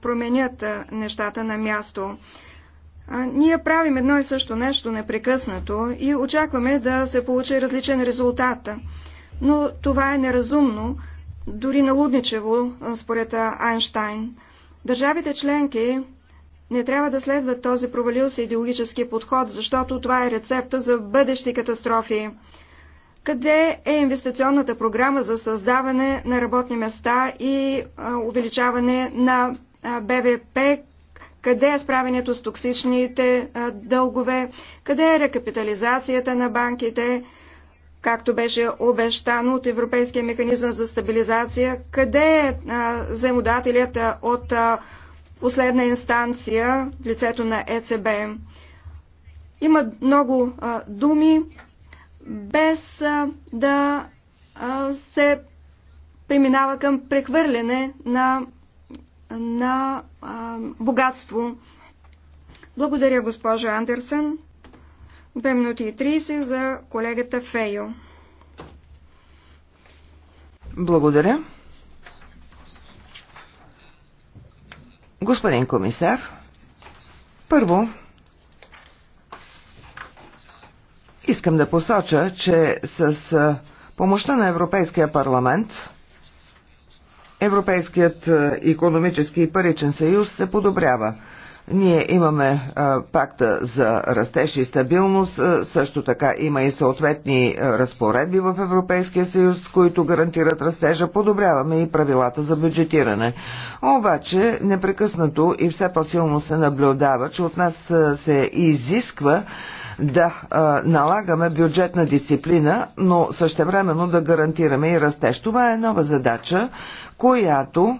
Speaker 1: променят нещата на място. Ние правим едно и също нещо непрекъснато и очакваме да се получи различен резултат. Но това е неразумно, дори налудничево, според Айнштайн. Държавите членки не трябва да следва този провалил се идеологически подход, защото това е рецепта за бъдещи катастрофи. Къде е инвестиционната програма за създаване на работни места и увеличаване на БВП? Къде е справенето с токсичните дългове? Къде е рекапитализацията на банките? както беше обещано от Европейския механизъм за стабилизация, къде е заемодателят от а, последна инстанция в лицето на ЕЦБ. Има много а, думи, без а, да а, се преминава към прехвърляне на, на а, богатство. Благодаря, госпожа Андерсен. 2 минути и 30 за колегата Фейо.
Speaker 3: Благодаря. Господин комисар, първо искам да посоча, че с помощта на Европейския парламент Европейският економически и паричен съюз се подобрява. Ние имаме пакта за растеж и стабилност, също така има и съответни разпоредби в Европейския съюз, които гарантират растежа, подобряваме и правилата за бюджетиране. Обаче непрекъснато и все по-силно се наблюдава, че от нас се изисква да а, налагаме бюджетна дисциплина, но същевременно да гарантираме и растеж. Това е нова задача, която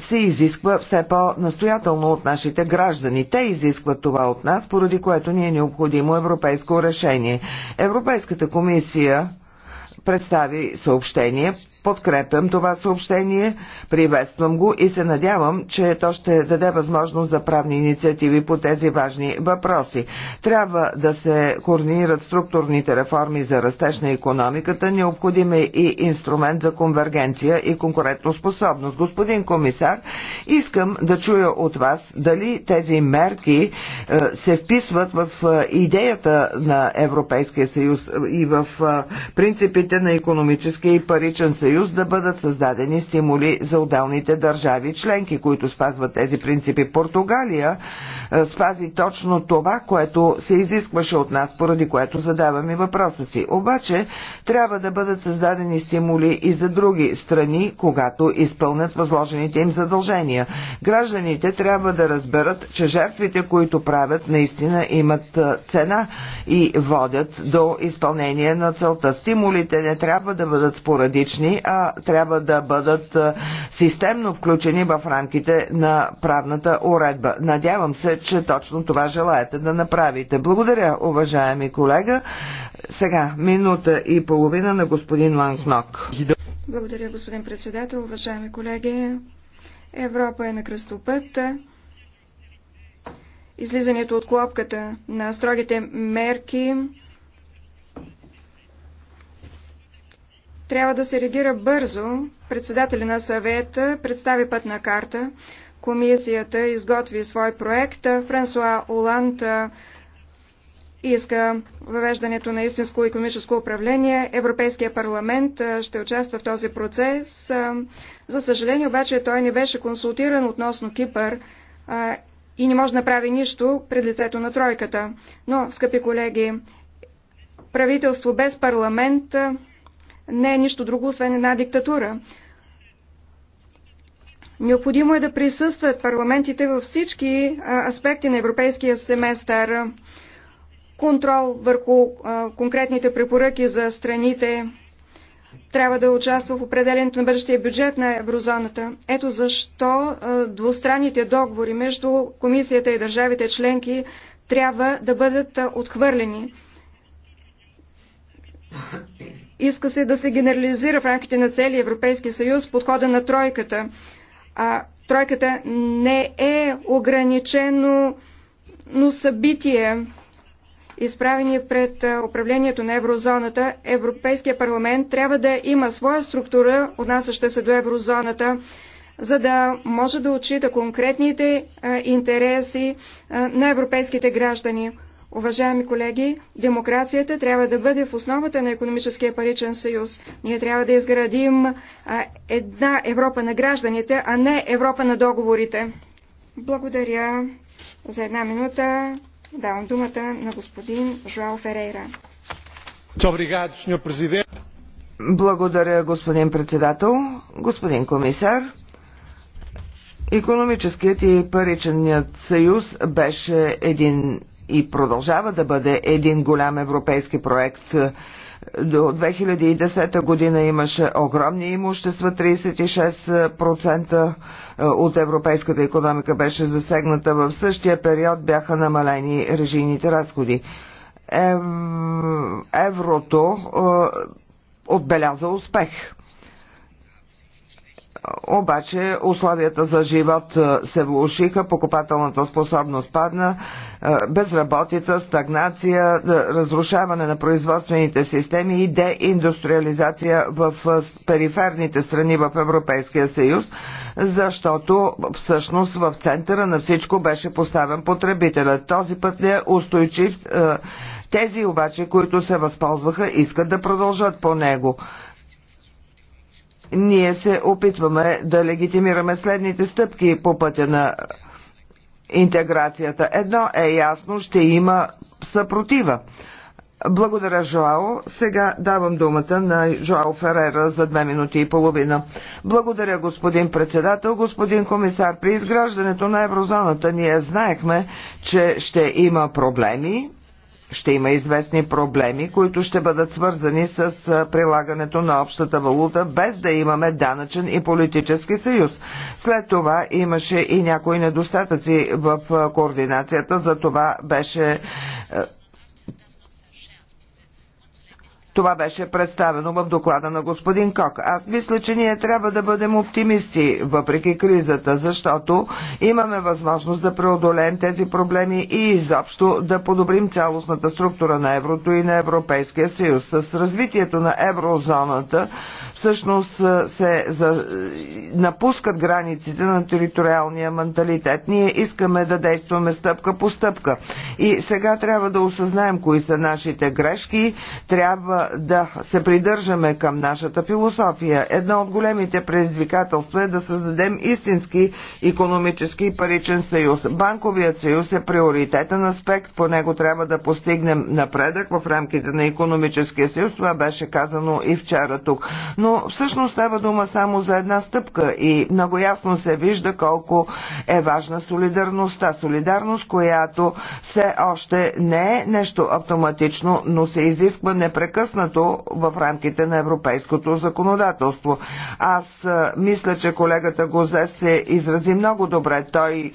Speaker 3: се изисква все по-настоятелно от нашите граждани. Те изискват това от нас, поради което ни е необходимо европейско решение. Европейската комисия представи съобщение, подкрепям това съобщение, приветствам го и се надявам, че то ще даде възможност за правни инициативи по тези важни въпроси. Трябва да се координират структурните реформи за растеж на економиката, необходим е и инструмент за конвергенция и конкурентоспособност. Господин комисар, искам да чуя от вас дали тези мерки е, се вписват в е, идеята на Европейския съюз и в е, принципите на економическия и паричен съюз, съюз да бъдат създадени стимули за отделните държави членки, които спазват тези принципи. Португалия е, спази точно това, което се изискваше от нас, поради което задаваме въпроса си. Обаче трябва да бъдат създадени стимули и за други страни, когато изпълнят възложените им задължения. Гражданите трябва да разберат, че жертвите, които правят, наистина имат е, цена и водят до изпълнение на целта. Стимулите не трябва да бъдат спорадични, а трябва да бъдат системно включени в рамките на правната уредба. Надявам се, че точно това желаете да направите. Благодаря, уважаеми колега. Сега, минута и половина на господин Ланкнок.
Speaker 1: Благодаря, господин председател, уважаеми колеги. Европа е на кръстопът. Излизането от клопката на строгите мерки Трябва да се реагира бързо. Председателя на съвета представи пътна карта. Комисията изготви свой проект. Франсуа Оланд иска въвеждането на истинско економическо управление. Европейския парламент ще участва в този процес. За съжаление обаче той не беше консултиран относно Кипър и не може да направи нищо пред лицето на тройката. Но, скъпи колеги, правителство без парламент не е нищо друго, освен една диктатура. Необходимо е да присъстват парламентите във всички аспекти на европейския семестър. Контрол върху конкретните препоръки за страните трябва да участва в определенето на бъдещия бюджет на еврозоната. Ето защо двустранните договори между комисията и държавите членки трябва да бъдат отхвърлени. Иска се да се генерализира в рамките на целия Европейски съюз подхода на тройката. А тройката не е ограничено но събитие. Изправени пред управлението на еврозоната, Европейския парламент трябва да има своя структура, отнасяща се до еврозоната, за да може да отчита конкретните интереси на европейските граждани. Уважаеми колеги, демокрацията трябва да бъде в основата на економическия паричен съюз. Ние трябва да изградим една Европа на гражданите, а не Европа на договорите. Благодаря за една минута. Давам думата на господин Жуал Ферейра.
Speaker 3: Благодаря, господин председател, господин комисар. Економическият и паричният съюз беше един и продължава да бъде един голям европейски проект. До 2010 година имаше огромни имущества, 36% е, от европейската економика беше засегната. В същия период бяха намалени режийните разходи. Еврото е, отбеляза успех обаче условията за живот е, се влушиха, покупателната способност падна, е, безработица, стагнация, е, разрушаване на производствените системи и деиндустриализация в периферните страни в Европейския съюз, защото всъщност в центъра на всичко беше поставен потребителят. Този път не е устойчив. Тези обаче, които се възползваха, искат да продължат по него ние се опитваме да легитимираме следните стъпки по пътя на интеграцията. Едно е ясно, ще има съпротива. Благодаря, Жоао. Сега давам думата на Жоао Ферера за две минути и половина. Благодаря, господин председател, господин комисар. При изграждането на еврозоната ние знаехме, че ще има проблеми, ще има известни проблеми, които ще бъдат свързани с прилагането на общата валута, без да имаме данъчен и политически съюз. След това имаше и някои недостатъци в координацията, за това беше това беше представено в доклада на господин Кок. Аз мисля, че ние трябва да бъдем оптимисти, въпреки кризата, защото имаме възможност да преодолеем тези проблеми и изобщо да подобрим цялостната структура на еврото и на Европейския съюз. С развитието на еврозоната всъщност се за, напускат границите на териториалния менталитет. Ние искаме да действаме стъпка по стъпка. И сега трябва да осъзнаем кои са нашите грешки, трябва да се придържаме към нашата философия. Едно от големите предизвикателства е да създадем истински економически и паричен съюз. Банковият съюз е приоритетен аспект, по него трябва да постигнем напредък в рамките на економическия съюз. Това беше казано и вчера тук. Но но всъщност става дума само за една стъпка и много ясно се вижда колко е важна солидарността. Солидарност, която все още не е нещо автоматично, но се изисква непрекъснато в рамките на европейското законодателство. Аз мисля, че колегата Гозес се изрази много добре. Той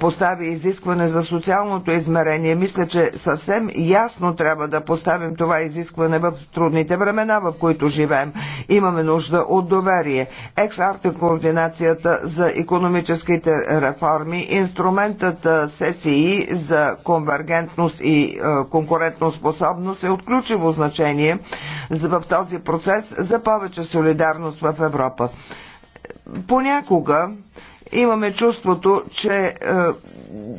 Speaker 3: постави изискване за социалното измерение. Мисля, че съвсем ясно трябва да поставим това изискване в трудните времена, в които живеем. Има имаме нужда от доверие. Ексарте координацията за економическите реформи, инструментът ССИ за конвергентност и конкурентоспособност е от ключово значение в този процес за повече солидарност в Европа. Понякога имаме чувството, че е,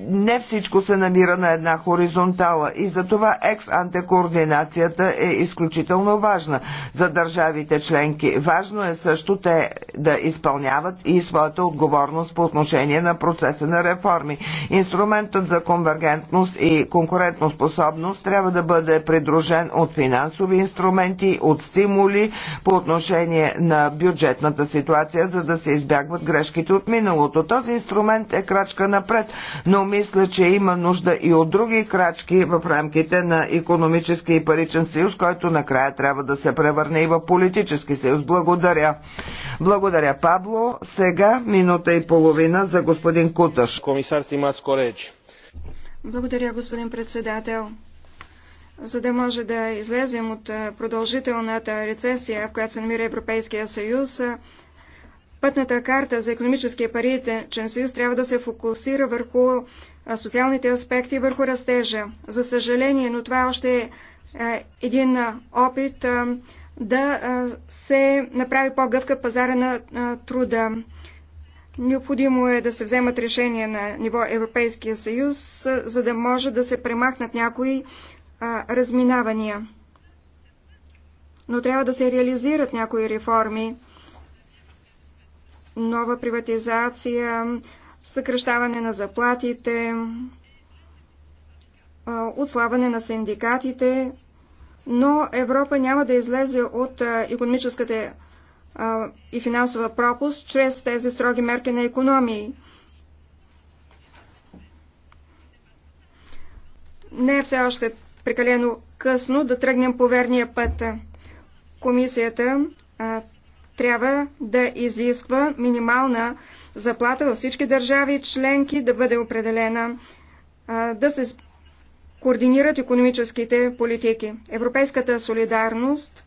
Speaker 3: не всичко се намира на една хоризонтала и затова екс-антекоординацията е изключително важна за държавите членки. Важно е също те да изпълняват и своята отговорност по отношение на процеса на реформи. Инструментът за конвергентност и конкурентоспособност трябва да бъде придружен от финансови инструменти, от стимули по отношение на бюджетната ситуация, за да се избягват грешките от минало миналото. Този инструмент е крачка напред, но мисля, че има нужда и от други крачки в рамките на економически и паричен съюз, който накрая трябва да се превърне и в политически съюз. Благодаря. Благодаря, Пабло. Сега минута и половина за господин Куташ. Комисар Стимац Кореч.
Speaker 1: Благодаря, господин председател. За да може да излезем от продължителната рецесия, в която се намира Европейския съюз, Пътната карта за економическия паричен съюз трябва да се фокусира върху социалните аспекти и върху растежа. За съжаление, но това е още е един опит да се направи по-гъвка пазара на труда. Необходимо е да се вземат решения на ниво Европейския съюз, за да може да се премахнат някои разминавания. Но трябва да се реализират някои реформи нова приватизация, съкръщаване на заплатите, отслабване на синдикатите, но Европа няма да излезе от економическата и финансова пропуст чрез тези строги мерки на економии. Не е все още прекалено късно да тръгнем по верния път. Комисията трябва да изисква минимална заплата във всички държави членки да бъде определена, да се координират економическите политики. Европейската солидарност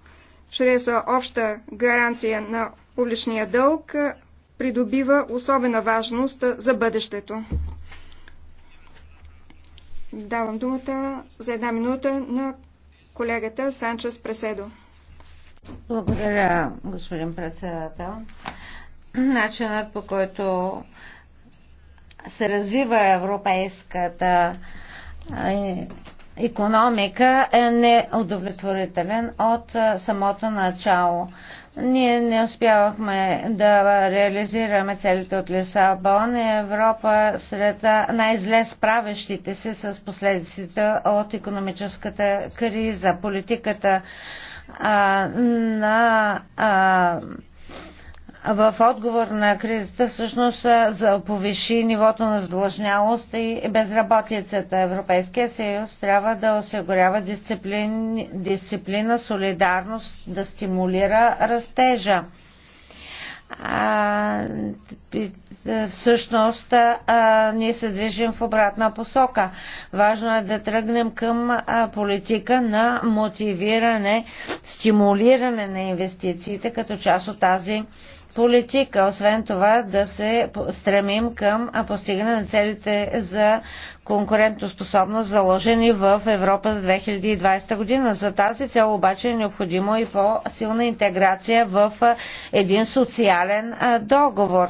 Speaker 1: чрез обща гаранция на публичния дълг придобива особена важност за бъдещето. Давам думата за една минута на колегата Санчес
Speaker 2: Преседо. Благодаря, господин председател. Начинът по който се развива европейската економика е неудовлетворителен от самото начало. Ние не успявахме да реализираме целите от Лисабон и Европа сред най-зле справящите се с последиците от економическата криза. Политиката а, на а, в отговор на кризата всъщност за повиши нивото на задлъжнялост и безработицата. Европейския съюз трябва да осигурява дисциплин, дисциплина, солидарност, да стимулира растежа а, всъщност а, ние се движим в обратна посока. Важно е да тръгнем към а, политика на мотивиране, стимулиране на инвестициите като част от тази политика. Освен това да се стремим към постигане на целите за конкурентоспособност, заложени в Европа за 2020 година. За тази цел обаче е необходимо и по-силна интеграция в един социален договор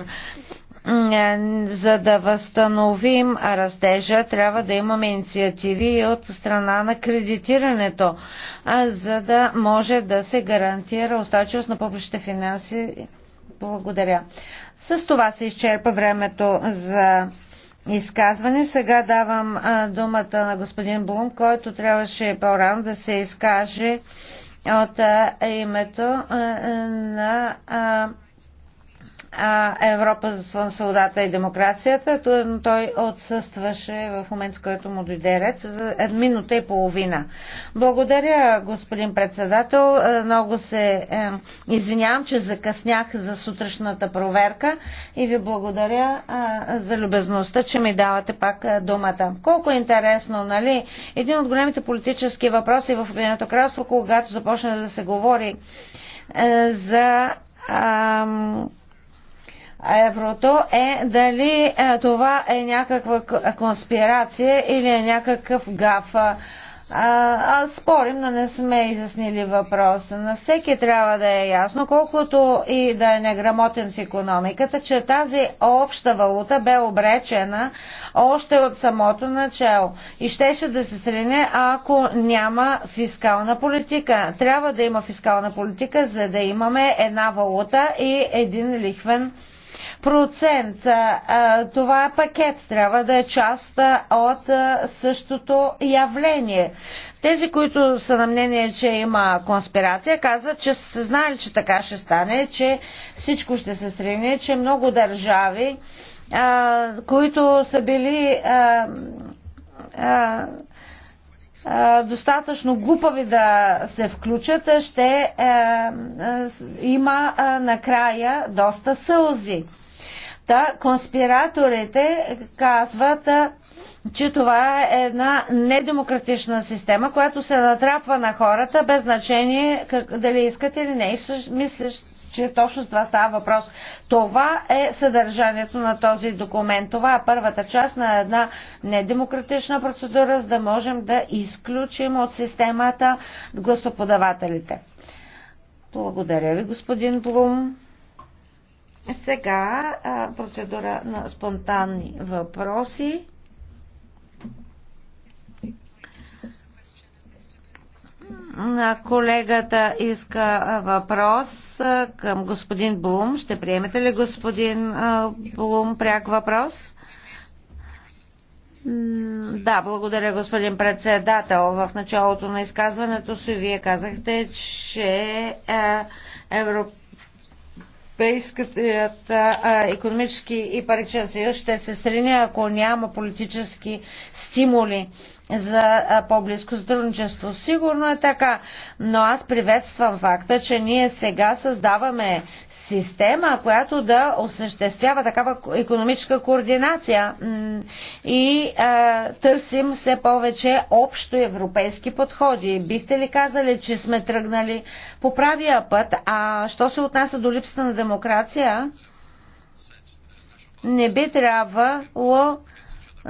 Speaker 2: за да възстановим растежа, трябва да имаме инициативи и от страна на кредитирането, за да може да се гарантира устойчивост на публичните финанси благодаря. С това се изчерпа времето за изказване. Сега давам думата на господин Блум, който трябваше по-рано да се изкаже от името на Европа за свободата и демокрацията. Той отсъстваше в момент, в който му дойде ред за минута и половина. Благодаря, господин председател. Е, много се е, извинявам, че закъснях за сутрешната проверка и ви благодаря е, за любезността, че ми давате пак думата. Колко е интересно, нали? Един от големите политически въпроси в Обединеното кралство, когато започна да се говори за еврото е дали е, това е някаква конспирация или е някакъв гаф. А, а, спорим, но не сме изяснили въпроса. На всеки трябва да е ясно, колкото и да е неграмотен с економиката, че тази обща валута бе обречена още от самото начало и щеше да се срине, ако няма фискална политика. Трябва да има фискална политика, за да имаме една валута и един лихвен Процент. Това пакет трябва да е част от същото явление. Тези, които са на мнение, че има конспирация, казват, че са знали, че така ще стане, че всичко ще се срине, че много държави, а, които са били а, а, достатъчно глупави да се включат, ще а, а, има а, накрая доста сълзи. Та конспираторите казват, че това е една недемократична система, която се натрапва на хората без значение как, дали искат или не. И мислиш, мисля, че точно с това става въпрос. Това е съдържанието на този документ. Това е първата част на една недемократична процедура, за да можем да изключим от системата гласоподавателите. Благодаря ви, господин Блум. Сега процедура на спонтанни въпроси. колегата иска въпрос към господин Блум. Ще приемете ли господин Блум пряк въпрос? Да, благодаря, господин председател. В началото на изказването си вие казахте, че Европа Европейският економически и паричен съюз ще се срине, ако няма политически стимули за по-близко сътрудничество. Сигурно е така, но аз приветствам факта, че ние сега създаваме система, която да осъществява такава економическа координация и а, търсим все повече общо европейски подходи. Бихте ли казали, че сме тръгнали по правия път, а що се отнася до липсата на демокрация, не би трябвало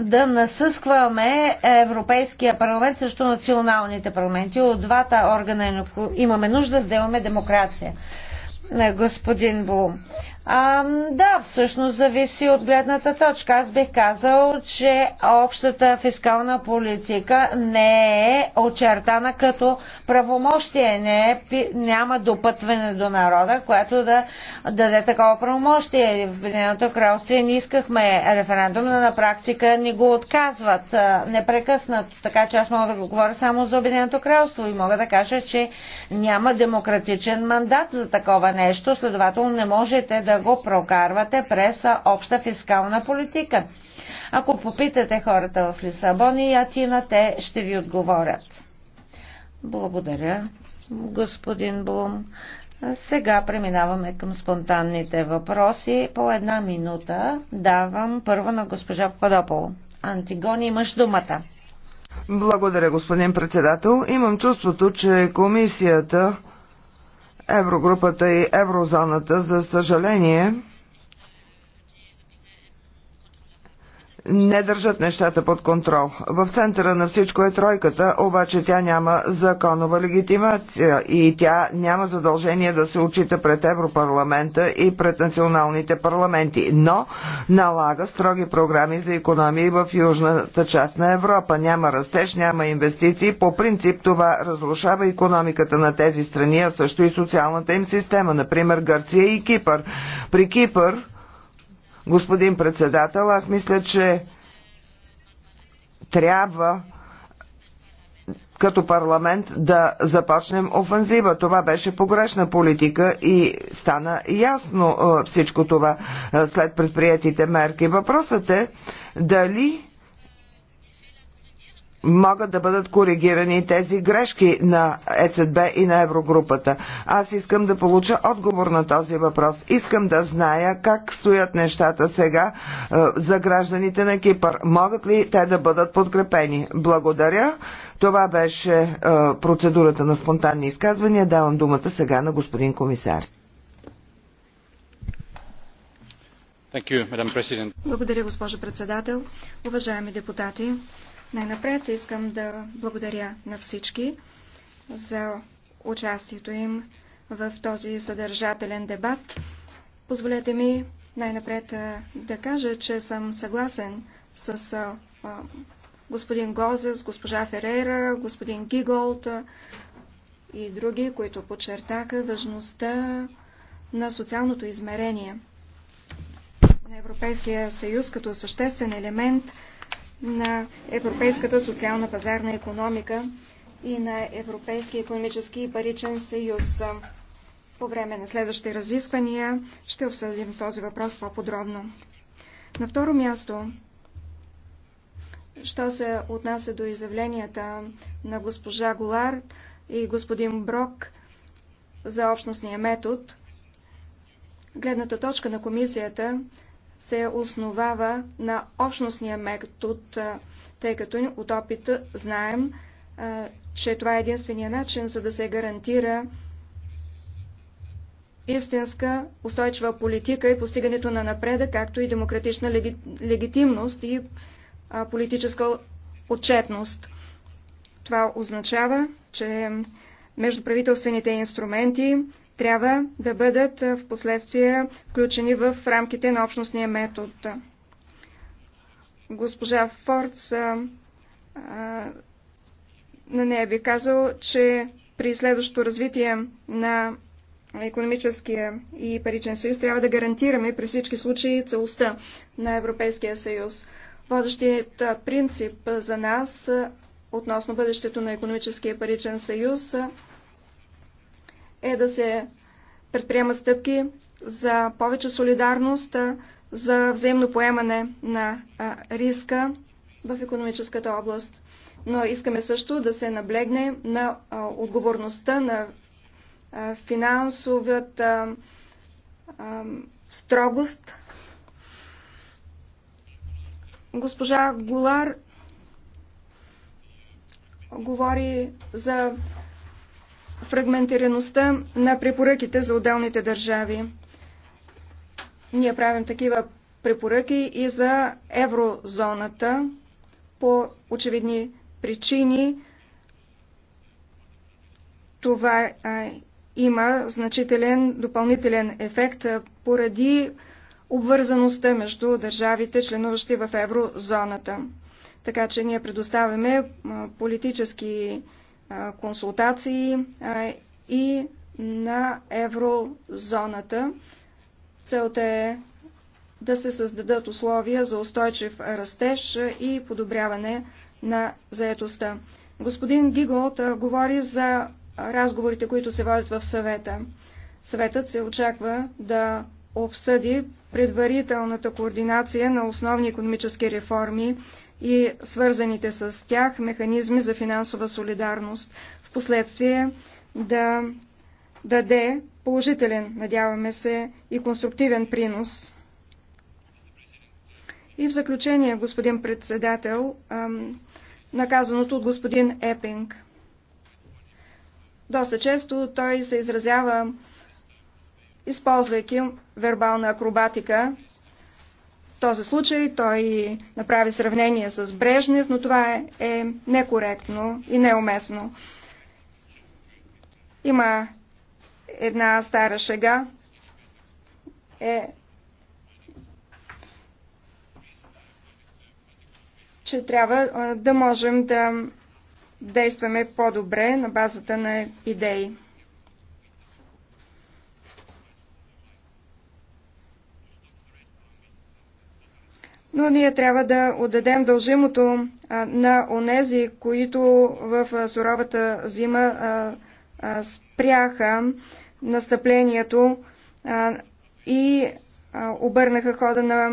Speaker 2: да насъскваме Европейския парламент срещу националните парламенти. От двата органа е имаме нужда да сделаме демокрация на господин Блум. А, да, всъщност зависи от гледната точка. Аз бих казал, че общата фискална политика не е очертана като правомощие, не е, няма допътване до народа, което да даде такова правомощие. В Обединеното кралство не искахме референдум, но на практика ни го отказват непрекъснато. Така че аз мога да го говоря само за Обединеното кралство и мога да кажа, че няма демократичен мандат за такова нещо, следователно не можете да да го прокарвате през обща фискална политика? Ако попитате хората в Лисабон и Атина, те ще ви отговорят. Благодаря, господин Блум. Сега преминаваме към спонтанните въпроси. По една минута давам първо на госпожа Падопол. Антигони, имаш думата.
Speaker 3: Благодаря, господин председател. Имам чувството, че комисията еврогрупата и еврозоната, за съжаление, не държат нещата под контрол. В центъра на всичко е тройката, обаче тя няма законова легитимация и тя няма задължение да се отчита пред Европарламента и пред националните парламенти, но налага строги програми за економии в южната част на Европа. Няма растеж, няма инвестиции. По принцип това разрушава економиката на тези страни, а също и социалната им система, например Гърция и Кипър. При Кипър Господин председател, аз мисля, че трябва като парламент да започнем офанзива. Това беше погрешна политика и стана ясно е, всичко това е, след предприятите мерки. Въпросът е дали могат да бъдат коригирани тези грешки на ЕЦБ и на Еврогрупата? Аз искам да получа отговор на този въпрос. Искам да зная как стоят нещата сега е, за гражданите на Кипър. Могат ли те да бъдат подкрепени? Благодаря. Това беше е, процедурата на спонтанни изказвания. Давам думата сега на господин комисар.
Speaker 2: You,
Speaker 1: Благодаря, госпожо председател. Уважаеми депутати, най-напред искам да благодаря на всички за участието им в този съдържателен дебат. Позволете ми най-напред да кажа, че съм съгласен с господин с госпожа Ферейра, господин Гиголт и други, които подчертаха важността на социалното измерение на Европейския съюз като съществен елемент на Европейската социална пазарна економика и на Европейския економически и паричен съюз. По време на следващите разисквания ще обсъдим този въпрос по-подробно. На второ място, що се отнася до изявленията на госпожа Голар и господин Брок за общностния метод, гледната точка на комисията се основава на общностния метод, тъй като от опита знаем, че това е единствения начин, за да се гарантира истинска устойчива политика и постигането на напреда, както и демократична легитимност и политическа отчетност. Това означава, че междуправителствените инструменти трябва да бъдат в последствие включени в рамките на общностния метод. Госпожа Фордс на нея би казал, че при следващото развитие на економическия и паричен съюз трябва да гарантираме при всички случаи целостта на Европейския съюз. Водещият принцип за нас относно бъдещето на економическия паричен съюз е да се предприемат стъпки за повече солидарност, за взаимно поемане на риска в економическата област. Но искаме също да се наблегне на отговорността на финансовата строгост. Госпожа Гулар говори за фрагментираността на препоръките за отделните държави. Ние правим такива препоръки и за еврозоната по очевидни причини. Това а, има значителен допълнителен ефект поради обвързаността между държавите, членуващи в еврозоната. Така че ние предоставяме политически консултации и на еврозоната. Целта е да се създадат условия за устойчив растеж и подобряване на заетостта. Господин Гиголт говори за разговорите, които се водят в съвета. Съветът се очаква да обсъди предварителната координация на основни економически реформи, и свързаните с тях механизми за финансова солидарност. В последствие да даде положителен, надяваме се, и конструктивен принос. И в заключение, господин председател, наказаното от господин Епинг. Доста често той се изразява, използвайки вербална акробатика, този случай той направи сравнение с Брежнев, но това е некоректно и неуместно. Има една стара шега. Е, че трябва да можем да действаме по-добре на базата на идеи. Но ние трябва да отдадем дължимото на онези, които в суровата зима спряха настъплението и обърнаха хода на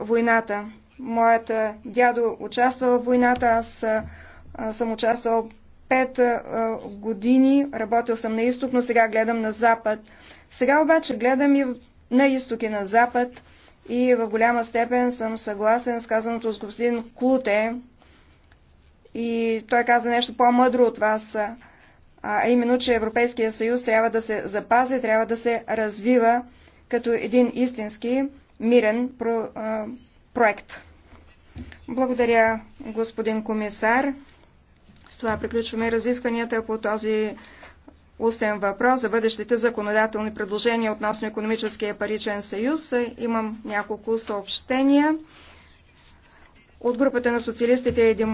Speaker 1: войната. Моят дядо участва в войната, аз съм участвал пет години, работил съм на изток, но сега гледам на запад. Сега обаче гледам и на изток и на запад. И в голяма степен съм съгласен с казаното с господин Клуте. И той каза нещо по-мъдро от вас, а именно, че Европейския съюз трябва да се запази, трябва да се развива като един истински мирен про, а, проект. Благодаря, господин комисар. С това приключваме разискванията по този устен въпрос за бъдещите законодателни предложения относно економическия паричен съюз. Имам няколко съобщения. От групата на социалистите и демократите